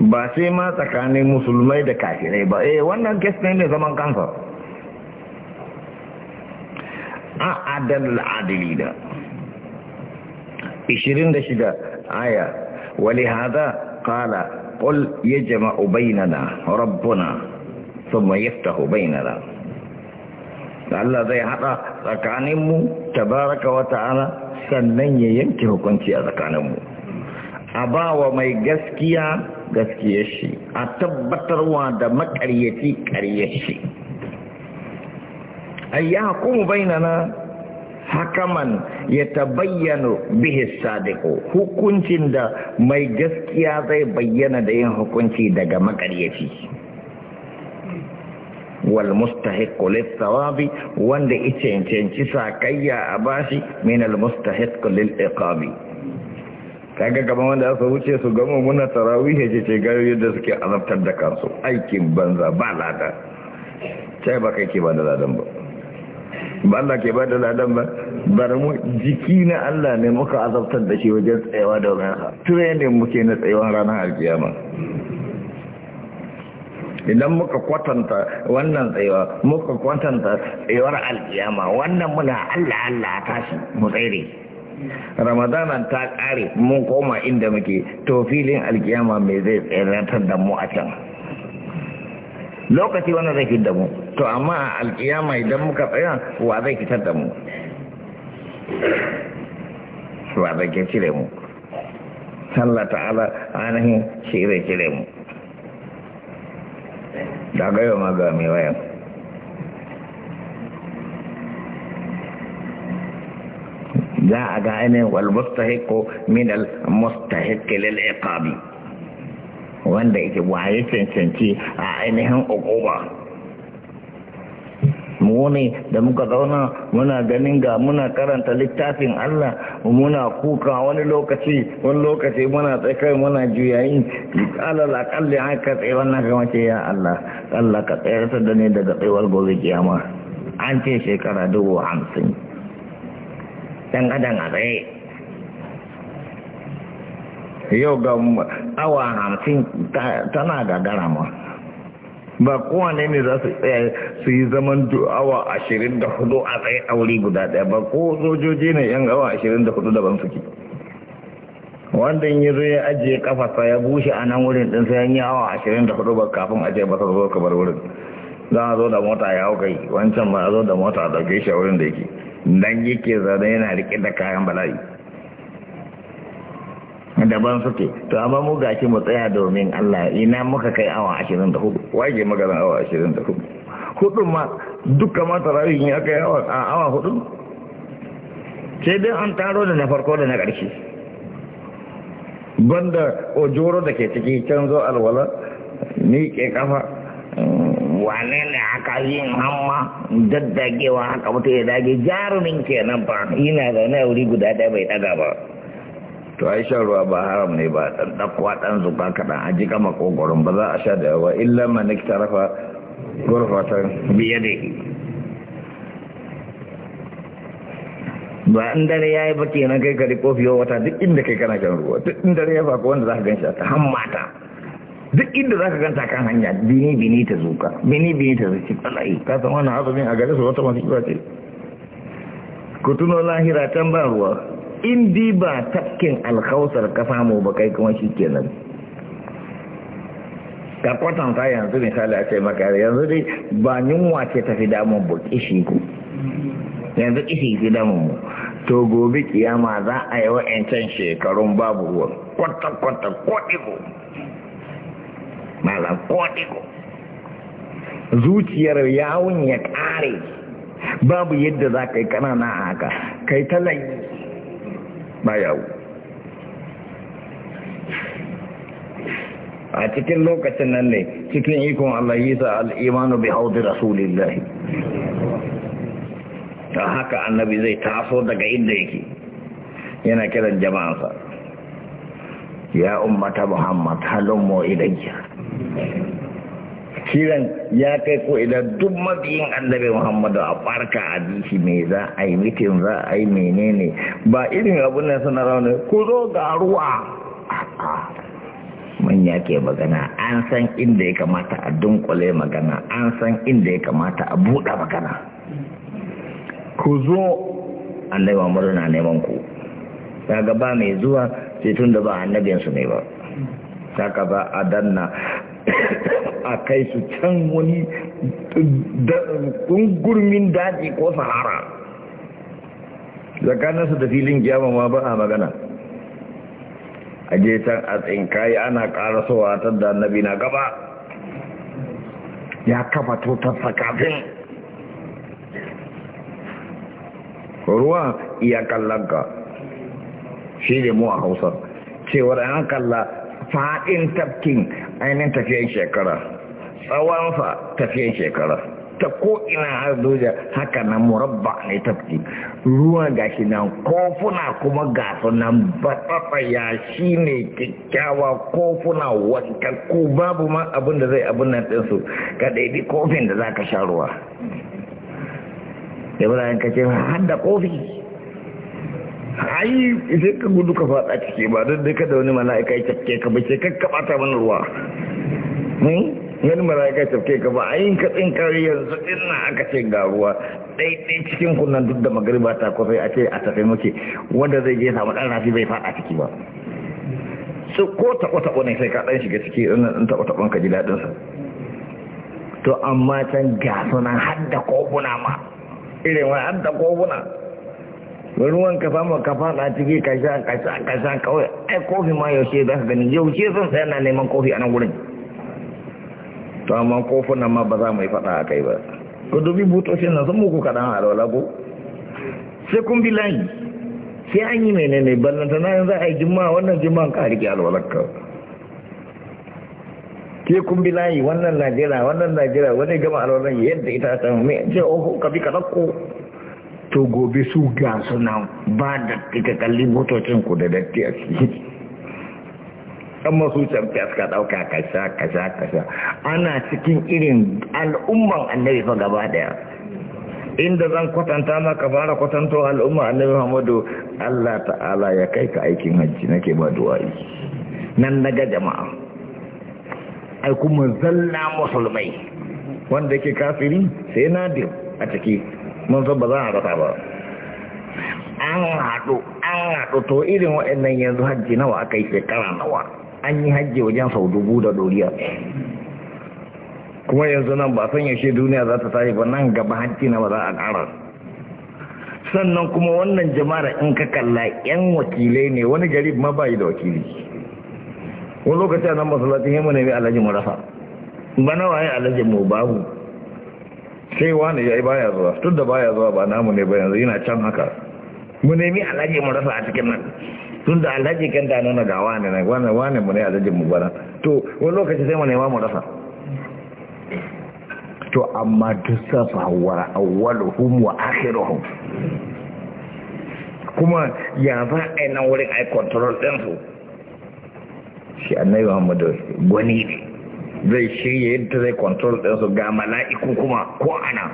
Speaker 2: باسما تكان المسلمين دكاتين إيه، با ايه وانا كسنين زمان كانفا آه، عدل العدلين اشيرين دشيدا آية ولهذا قال قل يجمع بيننا ربنا ثم يفتح بيننا الله ذي حقا تكانمو تبارك وتعالى sannan ya yanke hukunci a tsakaninmu a ba wa mai gaskiya gaskiyar shi a tabbatarwa da makaryaci karyar shi ayya hukumu bainana hakaman ya tabayyano bihi sadiqu hukuncin da mai gaskiya zai bayyana da yin hukunci daga makaryaci wal mustahiq lit thawabi wanda icencenci sakayya a bashi min al mustahiq lil iqabi kaga gaban wanda aka wuce su gama muna tarawih je ce gari yadda suke azabtar da kansu aikin banza ba lada sai ba kai ke ba da ladan ba ba Allah ke ba da ladan ba bar mu jiki na Allah ne muka azabtar da shi wajen tsayawa da wani ha muke na tsayawan ranar alkiyama idan muka kwatanta wannan tsayuwa muka kwatanta tsayuwar alkiyama wannan muna Allah Allah a tashi mu tsere ramadanan ta kare mun koma inda muke to filin alkiyama me zai tsayar da mu a can lokaci wani zai fitar da mu to amma a alkiyama idan muka tsaya wa zai fitar da mu wa zai cire mu Allah ala ainihin shi zai cire mu da gaiwa ma ga mai wayan za a ga ainihin walmustahiku min almustahiki wanda ita waye cancanci a ainihin ogoba mu da muka zauna muna ganin ga muna karanta littafin Allah muna kuka wani lokaci wani lokaci muna tsakai muna juyayi alal akalli haka tsaye wannan kama ce ya Allah Allah ka tsayar da ne daga tsayuwar gobe kiyama an ce shekara dubu hamsin dan adam a tsaye yau ga awa hamsin tana gagara ma ba kowane ne za su tsaya su yi zaman awa ashirin da hudu a tsaye a wuri guda daya ba ko sojoji ne yan awa ashirin da hudu daban suke wanda ya zo ya ajiye kafasa ya bushe a nan wurin din sai yi awa ashirin da hudu ba kafin ajiye ba zo ka bar wurin za a zo da mota ya hau kai wancan ba a zo da mota a dauke shi a wurin da yake dan yake zane yana rike da kayan bala'i daban suke to amma mu gashi mu tsaya domin Allah ina muka kai awa 24 waje magana awa 24 hudu ma duka ma tarawihin ya kai awa a awa hudu sai dai an taro da na farko da na ƙarshe banda ojoro da ke ciki can zo alwala ni ke kafa mm, wane ne aka yin hamma daddagewa haka mutu ya dage jarumin kenan ba yana zaune a wuri guda ɗaya bai ɗaga ba to ai shan ruwa ba haram ne ba dan dakwa dan zuba kadan aji kama kokoron ba za a sha da yawa illa man iktarafa gurfatan biyade ba in dare yayi ba kenan kai kari kofi yau wata duk inda kai kana shan ruwa duk inda dare ya fa ko wanda zaka ganshi ta hammata duk inda zaka ganta kan hanya bini bini ta zuka bini bini ta zuci tsalai ka san wannan abin a gare su wata masu ce ku tuno lahira can ba ruwa in di ba tafkin alkausar ka samu ba kai kuma shi kenan ka kwatanta yanzu misali a ce maka yanzu dai ba yunwa ce fi damun bu kishi yanzu kishi fi damun mu to gobe kiyama za a yi wa can shekarun babu ruwan kwata-kwata kodiko malam kodiko zuciyar yawon ya kare babu yadda za ka yi kanana haka kai talayi bayawu a cikin lokacin nan ne cikin ikon Allah yi sa al'imanu bi haudi rasulillahi ta haka annabi zai taso daga inda yake yana kiran jama'ansa ya ummata muhammad halin mo kiran ya kai ko idan duk mabiyin annabi muhammadu a farka a bishi me za a yi mitin za a yi menene ba irin abun nan suna rauni ku zo ga ruwa manya ke magana an san inda ya kamata a dunkule magana an san inda ya kamata a buɗe magana ku zo annabi muhammadu na neman ku daga ba mai zuwa sai tun da ba annabinsu ne ba saka ba a danna a kai su can wani gungurmin daji ko sahara tsakaninsu da filin gyama ma ba a magana a je can a tsinkayi ana karasowa ta da annabi na gaba ya kafa tutarsa kafin ruwa iya kallonka shi ne mu a hausar cewar an kalla fa'in tafkin ainihin tafiyan shekara tsawonsa tafiyan shekara ta ko'ina har doja haka na murabba ne tafi. ruwa gashi nan kofuna kuma gasu nan batsatsa ya shi ne kyakkyawa kofuna ko babu ma abin da zai abin nan ɗinsu ka ɗaiɗi kofin da za ka sha ruwa ibrahim ka har kofi ai sai ka gudu ka faɗa ciki ba don dai kada wani mala'ika ya cafke ka ba sai ka ɓata mana ruwa hmm? wani mala'ika cafke ka ba yin ka tsinkari yanzu ina aka ce ga ruwa ɗaiɗai cikin kunnan duk da magariba ta kwafe a ce a tafe muke wanda zai je samu ɗan rafi bai faɗa ciki ba su ko taɓo-taɓo ne sai ka ɗan shiga ciki ɗan taɓo-taɓon ka ji daɗinsa to amma can ga sunan hadda kofuna ma irin wani hadda kofuna ruwan ka fama ka fada ciki ka sha ka sha ka sha kawai ai kofi ma yaushe za ka gani yaushe zan sai na neman kofi a nan gurin to amma kofin nan ma ba za mu yi fada a kai ba ku dubi butoshin nan sun muku kaɗan alwala ko sai kun bi layi sai an yi menene ballanta na yanzu a yi wannan jima ka rike ke kun bi layi wannan najeriya wannan najeriya wani gama alwalar yadda ita ta mai ce ka bi ka ɗauko to gobe su ga suna ba da ita kalli motocin ku da datti a ciki an masu suka ɗauka kasha kasha kasha ana cikin irin al'umman annabi fa gaba daya inda zan kwatanta maka fara kwatanto al'umma annabi Muhammadu Allah ta'ala ya kai ka aikin hajji nake ba duwayi nan daga jama'a ai kuma zalla musulmai wanda ke kafiri sai nadir a ciki mun san ba za a rasa ba an haɗu an haɗu to irin waɗannan yanzu hajji nawa aka yi shekara nawa an yi hajji wajen sau dubu da doriya kuma yanzu nan ba san yaushe duniya za ta tashi ba nan gaba hajji nawa za a ƙara sannan kuma wannan jama'a in ka kalla yan wakilai ne wani gari ma bayi da wakili wani lokaci a nan masalacin yamma ne mai alhaji mu rafa bana waye alhaji mu babu sai wani ya yi baya zuwa tun da baya zuwa ba namu ne bayan yana can haka mu nemi alhaji mu rasa a cikin nan tun da alhaji kan da nuna ga wani na wani wani mu ne alhaji mu bana to wani lokaci sai mu nema mu rasa to amma duk safa wa hum wa akhiruhum kuma ya ba a yi nan wurin ai control su shi annabi muhammadu gwani ne zai shirya yadda zai kwantar ɗinsu ga mala'iku kuma ko ana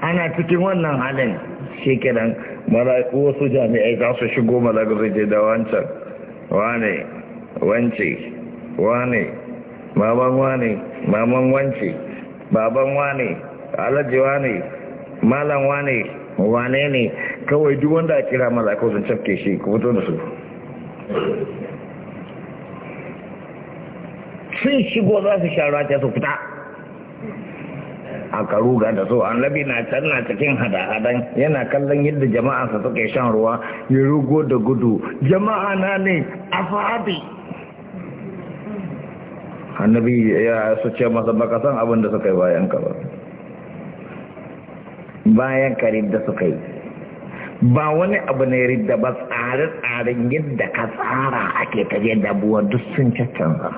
Speaker 2: ana cikin wannan halin shi kenan mala'iku wasu jami'ai za su shigo mala'iku zai je da wancan wane wance wane baban wane Baban wance baban wane alaji wane malam wane wane ne kawai duk wanda a kira mala'iku sun cafke shi ku fito da su sun shigo za su sha ruwa su fita A karu ga da so annabi na can na cikin hada-hadan yana kallon yadda jama'ansa suke shan ruwa ya rugo da gudu jama'a na ne a fadi annabi ya su ce masa baka san abin da suka yi bayan ka ba bayan karib da suka yi ba wani abu ne ridda ba tsare-tsaren yadda ka tsara ake tafiyar da buwa duk sun caccanza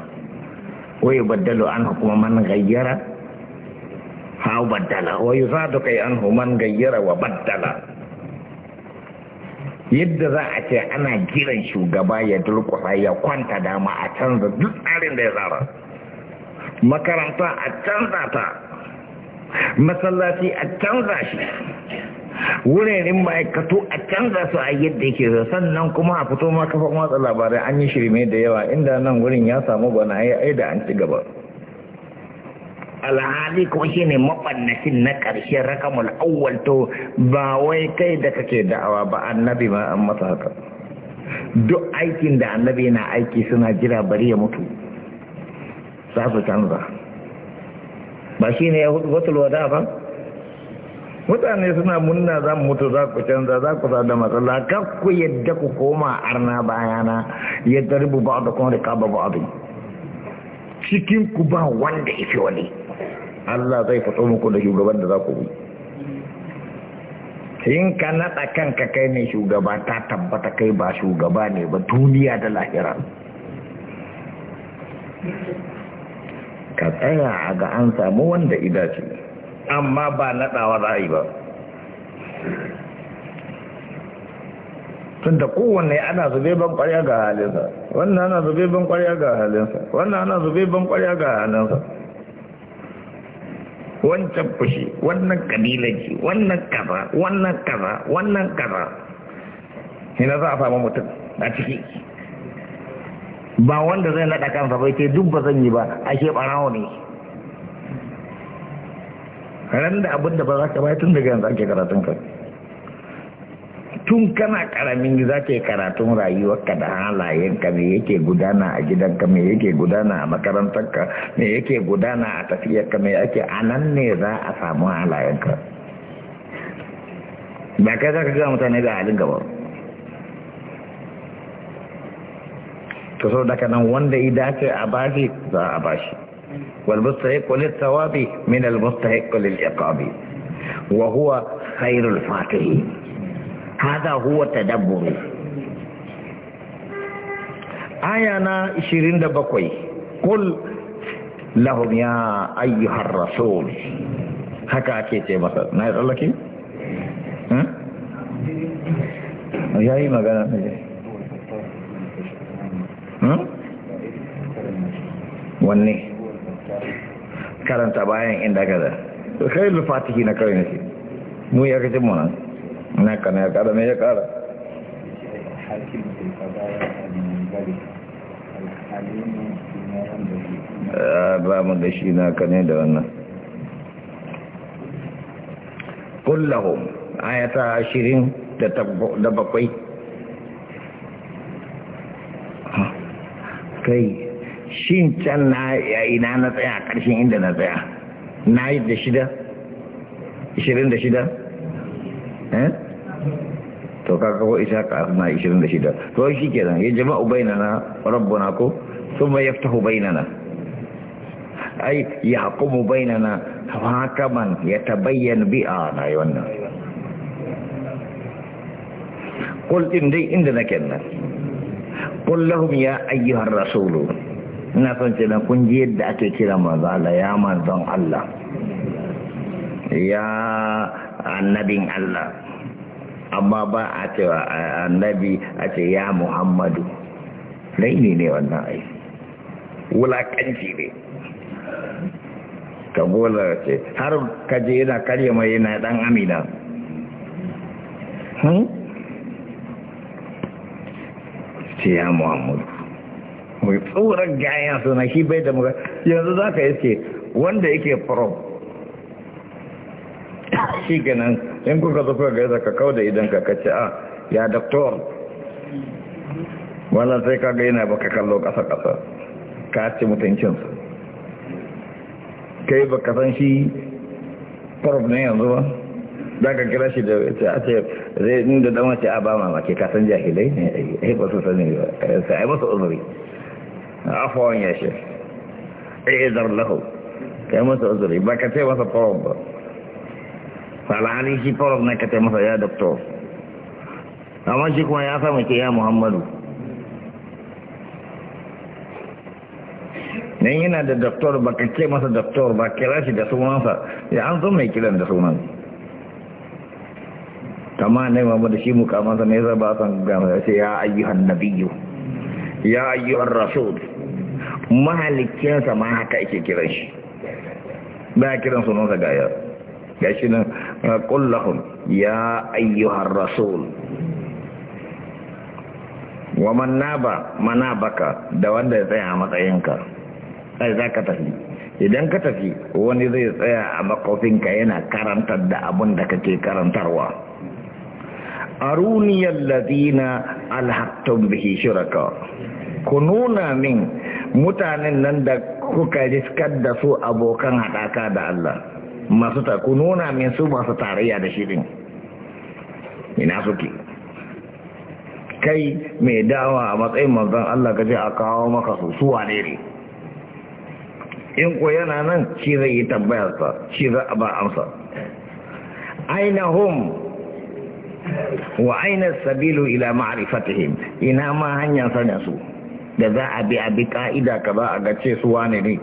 Speaker 2: wayu baddalu an kuma man gayyara ha baddala waye za ta kai an man gayyara wa baddala yadda za a ce ana kiran shugaba ya durkusa ya kwanta dama a canza duk tsarin da ya tsara makaranta a canza ta masallaci a canza shi wurin ma'aikatu a canza su a yadda yake sannan kuma a fito ma kafan watsa labarai an yi shirme da yawa inda nan wurin ya samu bana ya ai da an ci gaba alhali kuma shi ne mabannacin na ƙarshen rakamul awwal to ba wai kai da kake da'awa ba annabi ma an masa haka duk aikin da annabi na aiki suna jira bari ya mutu za su canza ba shi ne ya hudu wata lura ba mutane suna munna za mu mutu za ku canza za ku da matsala kar ku yadda ku koma arna bayana yadda ribu ba da kuma da kaba ba abin cikin ku ba wanda fi wani Allah zai fito muku da shugaban da za ku bi in ka naɗa kanka kai ne shugaba ta tabbata kai ba shugaba ne ba duniya da lahira ka tsaya a ga an samu wanda ce amma ba naɗawa ra'ayi ba tunda kowanne ana zube ban kwarya ga halinsa wannan ana zube ban kwarya ga halinsa wannan ana zube ban kwarya ga halinsa wancan fushi wannan kabilanci wannan kaza wannan kaza wannan kaza ina za a samu mutum a ciki ba wanda zai naɗa kansa bai ce duk ba zan yi ba ashe barawo ne ran da abin da ba za ka bai tun daga yanzu ake karatun ka tun kana karamin za ka yi karatun rayuwarka da halayenka me yake gudana a gidanka me yake gudana a makarantar ka me yake gudana a tafiyarka me yake a nan ne za a samu halayenka ba kai za ka gama mutane da halin gaba ba. to so daga nan wanda ya dace a bashi za a bashi wal mustahiq lil thawabi min al mustahiq lil iqabi wa huwa khairul fatihi hada huwa tadabbur aya na 27 qul lahum ya ayyuhar rasul haka ake ce masa na yi tsallake? ya yi magana ne wanne karanta bayan inda da kai lufatihi na kawai nake mu ya kacin mu nan na kana ya kada mai ya kara ah, ba mu da shi na kane da wannan kullahum ayata ashirin da bakwai kai shin can na ina na tsaya a ƙarshen inda na tsaya na yi da shida ishirin da shida eh? to kaka ko isa ka na ishirin da shida to shi ke nan ya jama'u bainana rabbuna ko sun ma yaftahu bainana ai ya kuma bainana man ya bi? a na yi wannan kul din dai inda na kenan قل ya ayyuhar أيها ina son ce dan kun ji yadda ake kira manzo Allah ya manzo Allah ya annabin Allah amma ba a ce annabi a ce ya Muhammadu laini ne wannan ai wulakanci ne ka bola ce har kaje yana karya mai yana dan amina ce hmm? ya Muhammadu mai tsoron gaya suna shi bai da muka yanzu za ka iske wanda yake prom shi ganin in kuka zuwa ga yadda ka kawo da idan ka kace a ah, ya doktor wala sai ka gaina baka kallo kasa-kasa ka ce mutuncinsa kai ka san shi prom ne yanzu ba za ka kira shi da a ce zai inda dama ce a ba mamaki ka san jahilai ne yi eh, eh, ba su sani ba eh, sai ai masa uzuri afuwan ya shi izar lahu kai masa uzuri ba ka ce masa forum ba falhali shi forum na ka ce masa ya doktor amma shi kuma ya samu ke ya muhammadu don yana da doktor ba ka ce masa doktor ba kira shi da sunansa ya an zo mai kiran da sunan kama ne muhammadu shi mukamansa ne zai ba san gama ya ce ya ayyuhan nabiyu ya ayyuhan rasul mahalikinsa ma haka ake kiran shi ba kiran sunansa sa ga shi nan kullahun ah, ya ayyuhar rasul wa manaba manabaka da wanda ya tsaya a matsayinka sai za ka tafi idan ka tafi wani zai tsaya a makofinka yana karantar da abun da kake karantarwa aruniyar lazina alhattun bihi shiraka ku nuna min mutanen nan da kuka riskar da su abokan haɗaka da Allah masu ta ku nuna min su masu tarayya da shirin? din ina suke kai mai dawa a matsayin manzon Allah kaje a kawo maka su su wane ne in ko yana nan shi zai yi tambayarsa shi za a ba amsa aina hum wa aina sabilu ila ma'arifatihim ina ma hanyar sanya su da za a bi a bi ka'ida ka ba a gace su wane ne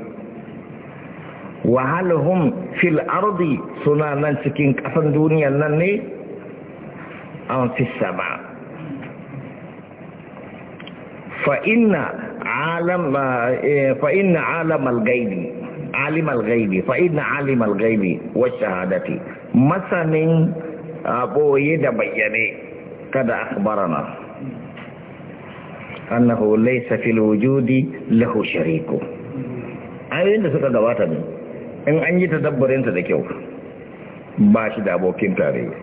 Speaker 2: wahalhum fil ardi suna nan cikin ƙasan duniya nan ne an fi sama fa'inna alam eh, alim gaibi fa'inna alim al-gaibi wacce hadati masanin boye da bayyane kada akbarana annahu laysa fil wujudi lahu shariku ayoyin da suka gabata ne in an yi tadabbarin ta da kyau ba shi da abokin tarayya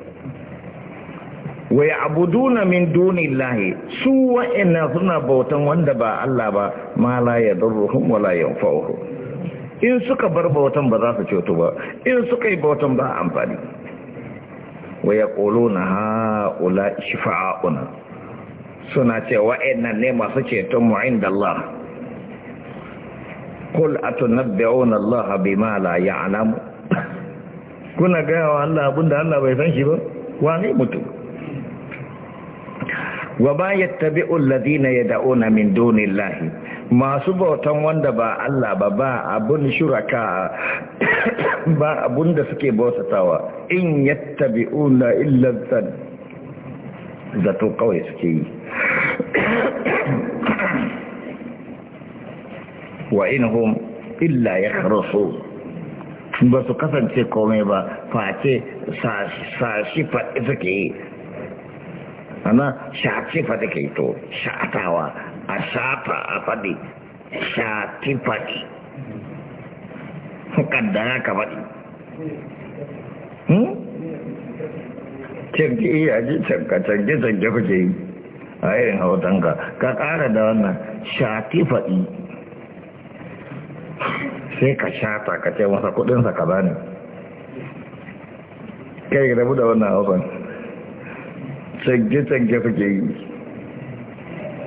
Speaker 2: wa ya'buduna min dunillahi su wa'anna suna bautan wanda ba Allah ba ma la yadurruhum wa la yanfa'uhum in suka bar bautan ba za su ceto ba in suka yi bautan ba amfani wa yaquluna ha'ula shifa'una suna ce wa'annan ne masu ceton mu inda Allah kul atunabbi'una Allah bima ya ya'lamu kuna gaya wa Allah abinda Allah bai san shi ba wani mutum wa ba yattabi'u alladhina yad'una min lahi masu bautan wanda ba Allah ba ba abun shuraka ba abun da suke bautatawa in yattabi'una illa zan zato kawai suke yi wa inhum illa yakhrusu ba su kasance komai ba face sashi faɗi ke yi ana shaci faɗi ke to shatawa a shafa a faɗi shati faɗi kaddara ka faɗi hmm? canke iya ji canka canke canke kuke yi a irin hautanka ka ƙara da wannan shati faɗi sai ka shata ka ce masa kudinsa ka ba ne kai rabu da wannan hautan canje-canje suke yi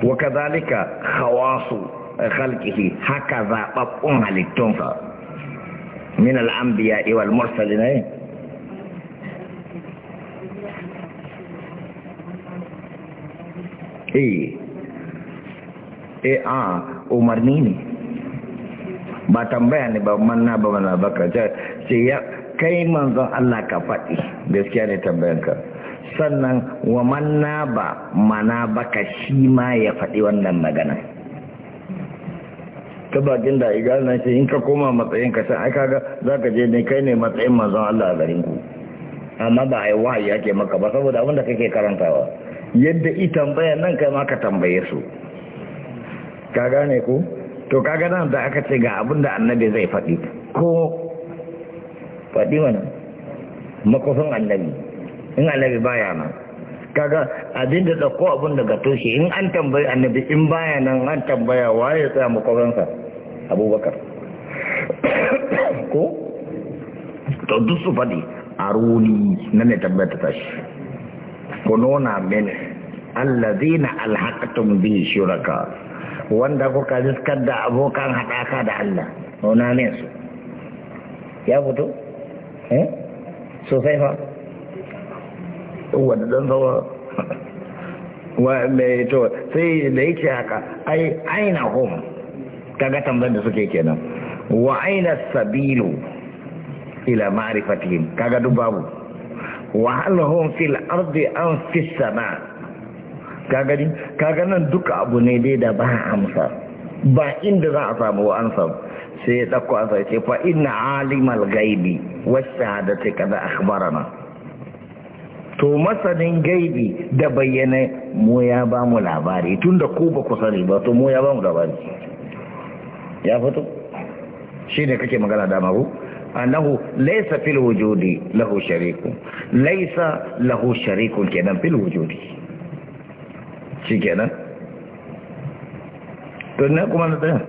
Speaker 2: wa kazalika hawasu halkihi haka zaɓaɓɓun halittunsa min al'ambiya iwal mursalin eh eh a umarni ne ba tambaya ni ba manna ba manna baka ce ya kai manzon Allah ka faɗi gaskiya ne tambayanka sannan wa manna ba mana baka shi ma ya faɗi wannan magana ta bakin da igal na shi in ka koma matsayin ka san aka ga za ka je ne kai ne matsayin manzon Allah a garin ku amma ba a yi wahayi ake maka ba saboda abinda kake karantawa yadda i tambaya nan kai ma ka tambaye su ka gane ko to kaga nan da aka ce ga abin da annabi zai faɗi ko faɗi mana makofin annabi in annabi baya nan kaga abin da ɗauko abin gato toshe in an tambayi annabi in baya nan an tambaya waye tsaya makofinsa abubakar ko to duk su faɗi a roni na ne tambayar ta tashi ko nona mene allazina alhaqtum bi shuraka wanda kuka riskar da abokan haɗaka da Allah nuna ne su ya fito eh sosai fa wanda dan sawa wa mai to sai da yake haka ai aina hum kaga tambayar da suke kenan wa aina sabilu ila ma'rifatihim kaga duk babu wa hal hum fil ardi am fis sama' ka gani ka nan duka abu ne dai da ba amsa ba inda za a samu amsa sai ya ɗauko amsa ce fa inna alimal gaibi wasu hadata kada akhbarana to masanin gaibi da bayyana mu ya ba mu labari tunda ko ba ku sani ba to mu ya ba mu labari ya fito shi ne kake magana dama ku annahu laysa fil wujudi lahu shariku laysa lahu shariku kenan fil wujudi shi nan, to ne kuma na tsayin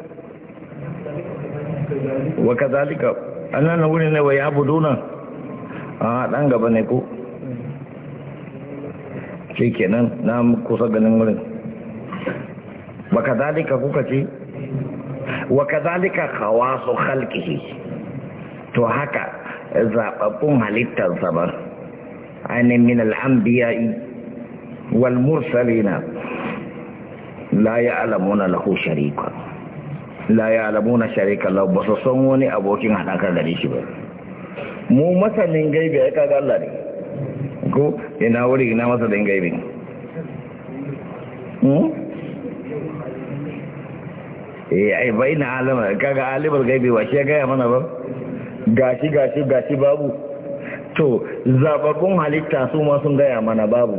Speaker 2: wa kazalika annan wurin ne wa ya nan a ɗan gaba ne ko shi nan na kusa ganin wurin wa zalika kuka ce wa kawa su halki. to haka zaɓaɓɓun halittar sabar ainihin min al-anbiya'i wal mursalina la ya alamuna lahu sharika la ya alamuna sharika lahu ba su son wani abokin haɗakar gare shi ba mu masanin gaibe ya kaga Allah ne ko ina wuri ina masa masanin gaibe hmm? eh ai bai na alama kaga alibar gaibe wa shi ya gaya mana ba gashi gashi gashi babu to zababbun halitta su ma sun gaya mana babu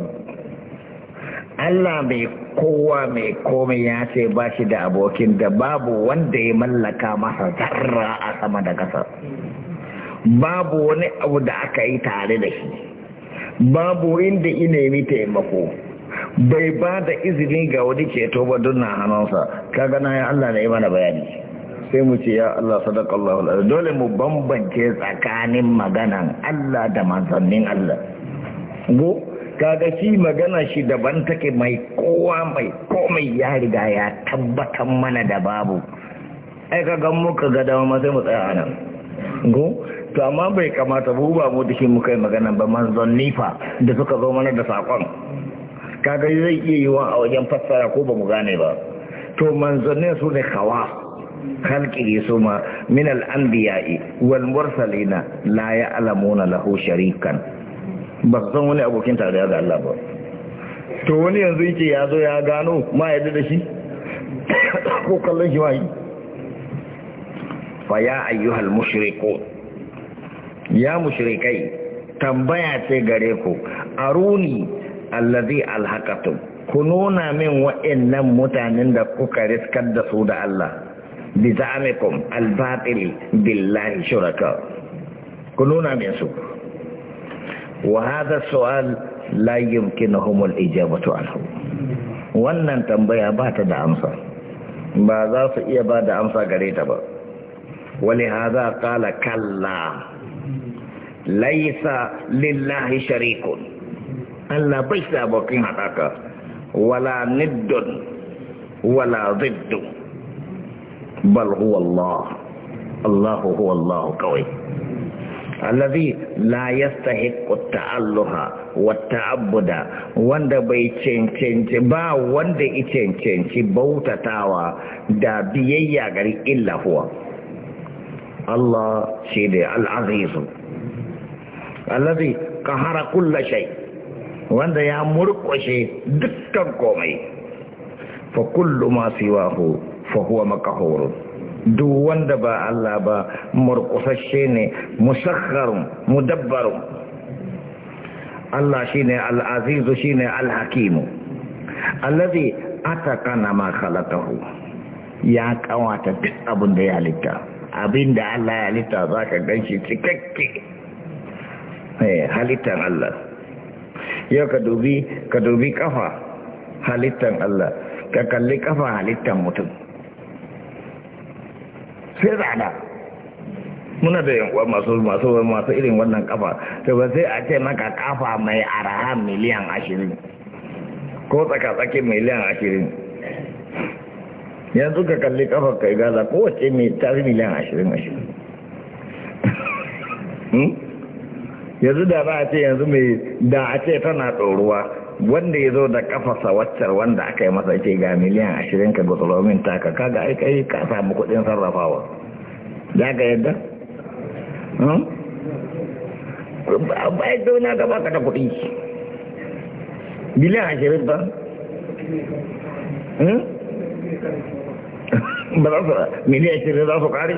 Speaker 2: Allah mai kowa mai komai ya ce ba shi da abokin da babu wanda ya mallaka masa zarra a sama da ƙasa babu wani abu da aka yi tare da shi babu inda ina yi taimako bai ba da izini ga wani ceto ba don na hannunsa kaga na ya Allah na yi mana bayani sai mu ce ya Allah sadaka Allah dole mu bambance tsakanin maganan Allah da manzannin Allah go kaga shi magana shi daban take mai kowa mai komai ya riga ya tabbatar mana da babu ai kaga muka ga dama sai mu tsaya nan go to amma bai kamata bu ba mu dashi muka yi magana ba man manzon nifa da suka zo mana da sakon kaga zai iya wa a wajen fassara ko ba mu gane ba to manzannin su ne kawa min al anbiya wal na la ya'lamuna lahu sharikan ba su san wani abokin tarayya ga Allah ba to wani yanzu yake ya zo ya gano ma ya da shi ko kallon shi wani fa ya ayyuhal mushriku ya mushrikai tambaya ce gare ku aruni allazi alhaqatu ku nuna min wa'annan mutanen da kuka riskar da su da Allah bi za'amikum albatil billahi shuraka ku nuna min su وهذا السؤال لا يمكنهم الإجابة عنه وأنن تنبيع باتد أمسا ماذا سئي باتد أمسا قريتا با ولهذا قال كلا ليس لله شريك ألا بيس أبو قيمتك ولا ند ولا ضد بل هو الله الله هو الله قوي alladhi la yastahiqqu ta'alluha wa ta'abbuda wanda bai cancanci ba wanda ya cancanci bautatawa da biyayya gari illa huwa Allah shi ne al'aziz alladhi qahara kulla shay wanda ya murkushe dukkan komai fa kullu ma siwahu fa huwa makahurun duk wanda ba Allah ba murkusashe ne musakharun mudabbarun Allah shine al-azizu shine al-hakimu allazi atakana ma khalaqahu ya kawata duk abin da ya halitta abin da Allah ya halitta zaka ganshi cikakke eh halittan Allah ya ka dubi ka dubi kafa halittan Allah ka kalli kafa halittan mutum sai rana muna da yankuwa masu masu masu irin wannan kafa to ba sai a ce maka kafa mai araha miliyan ashirin ko tsaka-tsaki miliyan ashirin yanzu ka kalli kafa kai gaza kowace mai tari miliyan ashirin ashirin hmm? yanzu da ba a ce yanzu mai da a ce tana tsoruwa wanda ya zo da kafasa waccar wanda aka yi masa ce ga miliyan ashirin ka gutsalomin taka kaga yi ka samu kudin sarrafawa ya ga yadda? Hmm? bai zauna gaba ka da kudi miliyan ashirin ba? Hmm? ba za su miliyan ashirin za su kari?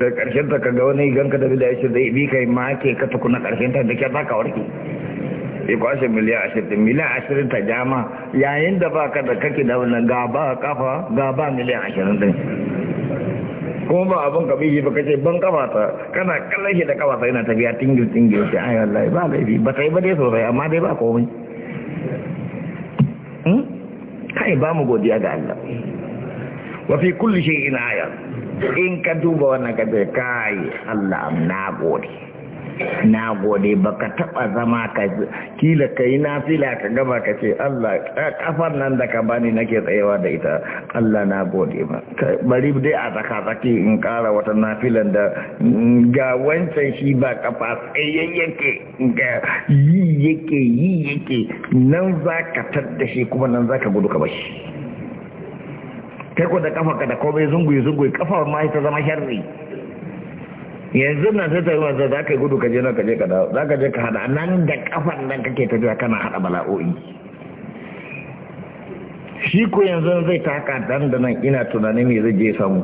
Speaker 2: da ƙarshen ta kaga wani ganka da bida ya da zai bi kai ma ke ka tukuna ƙarshen ta da ke ta ka warke kwashe miliyan ashirin miliyan ashirin ta jama yayin da ba ka da kake da wannan gaba kafa gaba miliyan ashirin din kuma ba abin ka bihi ba kace ban kafa ta kana kallon shi da kafa ta yana tafiya tingil tingil sai ai wallahi ba laifi ba ta yi ba dai sosai amma dai ba komai hmm? kai ba mu godiya ga Allah wa fi kulli shay'in ayat in ka duba wannan ka ce kai Allah na gode na gode ka taɓa zama ka kila ka na nafila ka gaba ka ce Allah kafar nan da ka bani nake tsayawa da ita Allah na gode ba bari dai a tsaka tsaki in kara wata filan da ga wancan shi ba kafa tsayayyen yake ga yi yake yi yake nan za ka tadda shi kuma nan za ka gudu ka bashi kai ko da kafa ka da komai zungu zungu kafa ma ita zama sharri yanzu na sai ta yi wanda za ka gudu ka je na ka je ka dawo za ka je ka hada nan da kafan nan kake tafiya kana hada bala'o'i shi ko yanzu zai taka dan da nan ina tunanin me zai je samu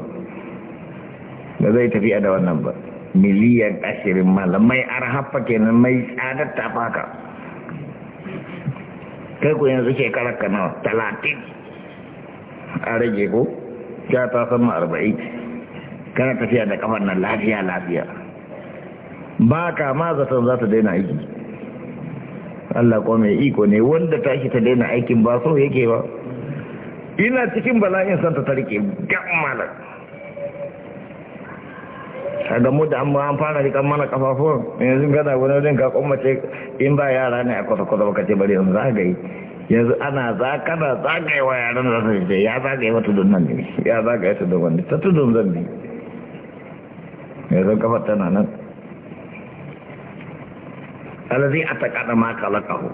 Speaker 2: ba zai tafi a da wannan ba miliyan ashirin malamai arhaffa kenan mai tsadar ta faka kai ko yanzu shekarar ka nawa talatin a rage ko sha ta sama arba'in kana tafiya da kafar nan lafiya lafiya ba ka ma zaton za ta daina aiki Allah ko mai iko ne wanda ta shi ta daina aikin ba so yake ba ina cikin bala'in santa ta rike gammalar a gamu da an an fara rikan mana kafafuwan yanzu gada wani wajen ka ce in ba yara ne a kwata-kwata baka ce bari yanzu Za gai. yanzu ana za kana wa yaran da su ce ya zagaye wata don nan ne ya zagaye don wani ta tudun zan bi zan kafa tana nan alazi a taƙaɗa maka kalakahu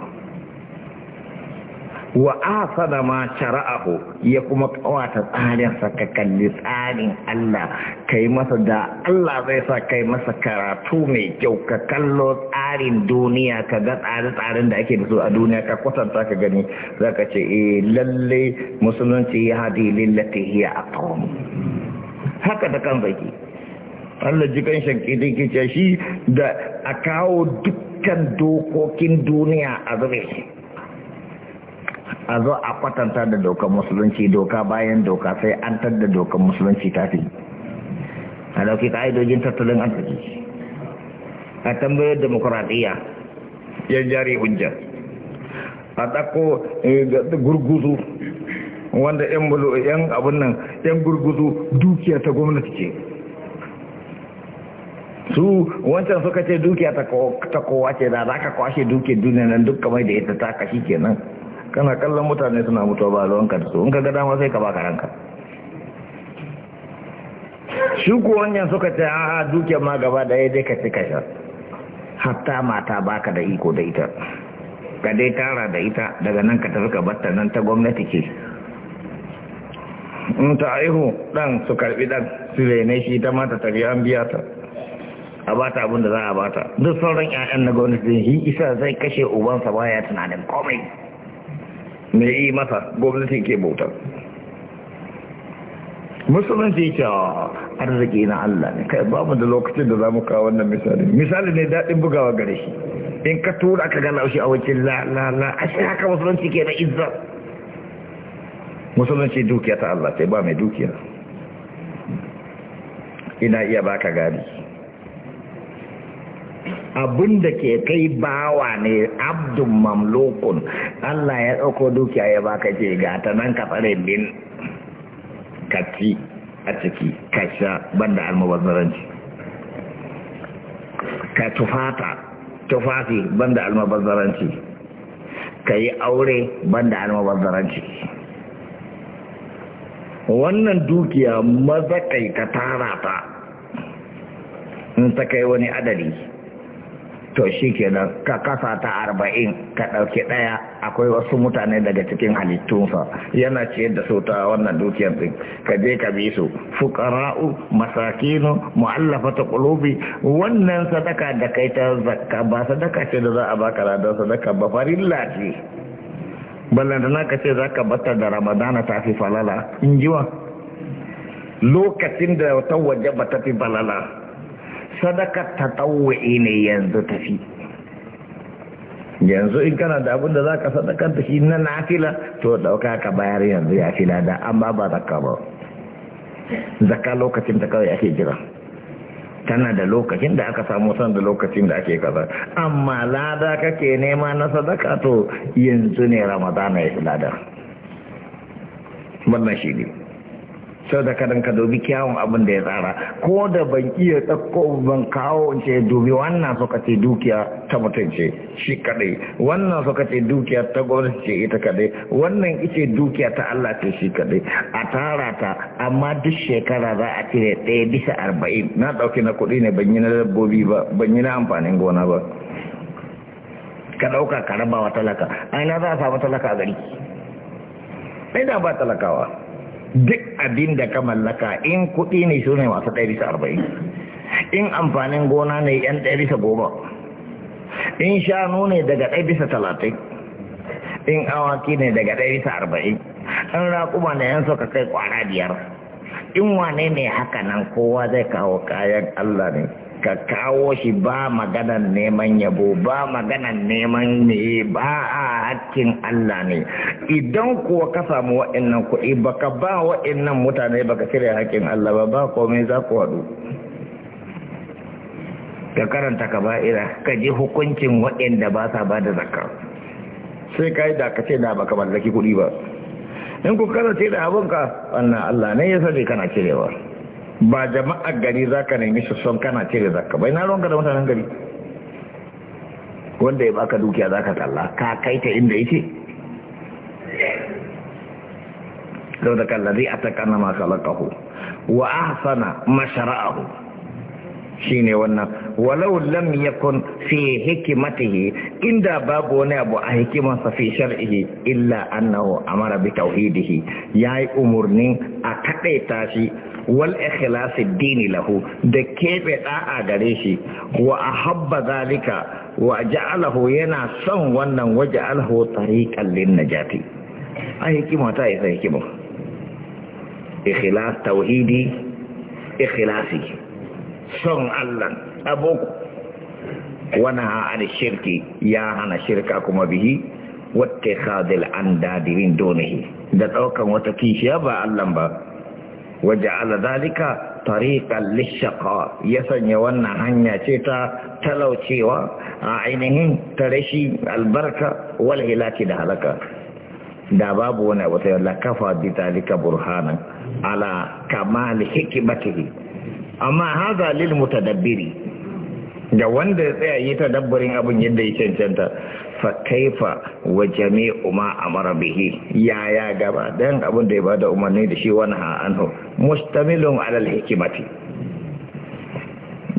Speaker 2: wa asada ma shara'ahu ya kuma kawata tsarin sa ka kalli tsarin Allah kai masa da Allah zai sa kai masa karatu mai kyau ka kallo tsarin duniya ka ga tsare-tsaren da ake da a duniya ka kwatanta ka gani za ka ce eh lalle musulunci ya hadi lillati hiya aqwam haka da kan zaki Allah kan shanki da ke shi da a kawo dukkan dokokin duniya a zube a zo a kwatanta da dokar musulunci doka bayan doka sai an tadda dokar musulunci ta fi a dauki ka'idojin tattalin arziki a tambayar demokuraɗiyya yan jari hujja a ɗako eh, gurguzu wanda yan abun nan yan gurguzu dukiya ta gwamnati ce su wancan suka ce dukiya ta kowace da za ka kwashe dukiyar duniya nan duk kamar da ita ta kashi kenan kana kallon mutane suna mutuwa ba ruwanka da su in ka ga dama sai ka baka ranka shi ko wannan suka ce a a duke ma gaba da ya dai ka ci kasha hatta mata baka da iko da ita ka dai tara da ita daga nan ka tafi ka batta nan ta gwamnati ce in ta aihu dan su karbi dan su rene shi ta mata tafi an biya ta a bata abin da za a bata duk sauran 'ya'yan na gwamnati shi isa zai kashe ubansa baya tunanin komai mai yi masa gwamnati ke bautar musulunci ke ah, arziki na Allah ne kai ba mu da lokacin da za mu kawo wannan misali misali ne daɗin bugawa gare shi in ka tura ka gana shi a wajen la a shi haka musulunci ke na izza musulunci dukiya ta Allah sai ba mai dukiya ina iya baka gadi abin da ke kai bawa ne abdun mamlokun Allah ya ɗauko dukiya ya baka ce ga ta nan ka tsare bin kaci a ciki ka sha banda almubazzaranci ka tufata tufafi banda almubazzaranci ka yi aure banda almubazzaranci wannan dukiya maza kai ka tara ta in ta kai wani adadi to shi kenan ka kasa ta arba'in ka ɗauki ɗaya akwai wasu mutane daga cikin halittunsa yana ce da su ta wannan dukiyar ɗin ka je ka bi su fukara'u masakinu ta qulubi wannan sadaka da kai ta zakka ba sadaka ce da za a baka ladan sadaka ba farilla ce ballantana ka ce za ka bata da ramadana ta fi falala in ji wa lokacin da ta waje ba ta fi falala sadakar ta tsawo'i ne yanzu tafi yanzu in kana da abinda za ka sadakar da shi na nafila to dauka ka bayar yanzu ya fi lada amma ba zaka ba zaka lokacin ta kawai ake jira tana da lokacin da aka samu san da lokacin da ake kaza amma lada kake nema na sadaka to yanzu ne ramadana ya fi lada wannan shi ne sau da kadan ka dobi kyawun abin da ya tsara ko da ban iya ɗauko ban kawo in ce dubi wannan suka ce dukiya ta mutum ce shi kadai wannan suka ce dukiya ta gwamnati ce ita kadai wannan ice dukiya ta Allah ce shi kadai a tara ta amma duk shekara za a cire ɗaya bisa arba'in na ɗauki na kuɗi ne ban yi na dabbobi ba ban yi na amfanin gona ba ka ɗauka ka raba wa talaka na za a samu talaka a gari ɗai da ba talakawa duk abin da ka mallaka in kuɗi ne su ne masu ɗaya arba'in in amfanin gona ne yan ɗari sa goma in shanu ne daga ɗari bisa talatin in awaki ne daga ɗari sa arba'in in raƙuma ne yan suka kai ƙwara biyar in wane ne haka nan kowa zai kawo kayan allah ne ka kawo shi ba maganan neman yabo ba maganan neman ne ba a hakkin Allah ne idan kuwa ka samu wa'annan kuɗi baka ba wa'annan mutane baka cire hakkin Allah ba ba komai za ku haɗu ka karanta ka ba'ira ka ji hukuncin waɗanda ba sa ba da zakka sai ka yi da ka ce da baka mallaki kuɗi ba in ku karanta da abinka wannan Allah ne ya sani kana kirewa. ba jama'a gari za ka nemi su son kana cire zaka bai na ruwanka da mutanen gari wanda ya baka dukiya za ka talla ka kai ta inda yake lau da kallari a takana masu alaƙahu wa a ahsana mashara'ahu Shi ne wannan walau lam yakun fi inda babu wani abu a hikimarsa fi shar'ihi illa annahu amara bi tauhidihi yayi umurni a kadaita shi wal ikhlasi dini lahu da kebe da'a gare shi wa ahabba zalika wa ja'alahu yana son wannan waja'alahu tariqan lin najati a hikima ta isa hikima ikhlas tauhidi ikhlasi son Allah aboko wana an shirki ya hana shirka kuma bihi wattikhadil andadi min dunihi da daukan wata kishiya ba Allah ba ala zalika tariqan lishaqa ya sanya wannan hanya ce ta talaucewa a ainihin tarashi albarka wal da halaka da babu wani abu sai Allah kafa bi talika burhanan ala kamal hikmatihi amma haza lil mutadabbiri da wanda ya tsaya yi tadabburin abin yadda ya cancanta fa kaifa wa jami'u ma amara bihi ya gaba dan abin da ya bada umarni da shi wani ha anhu mustamilun alal hikimati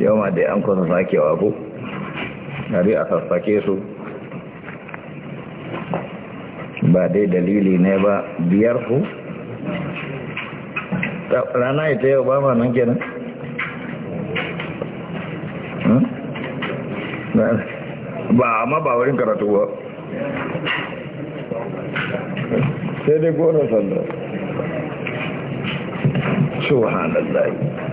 Speaker 2: yau ma dai an kusa sakewa ko nari a sassake su ba dai dalili ne ba biyar ku rana ita yau ba ma nan kenan Hmm? ba amma ba wurin karatu ba
Speaker 1: sai dai goron sanda
Speaker 2: zai.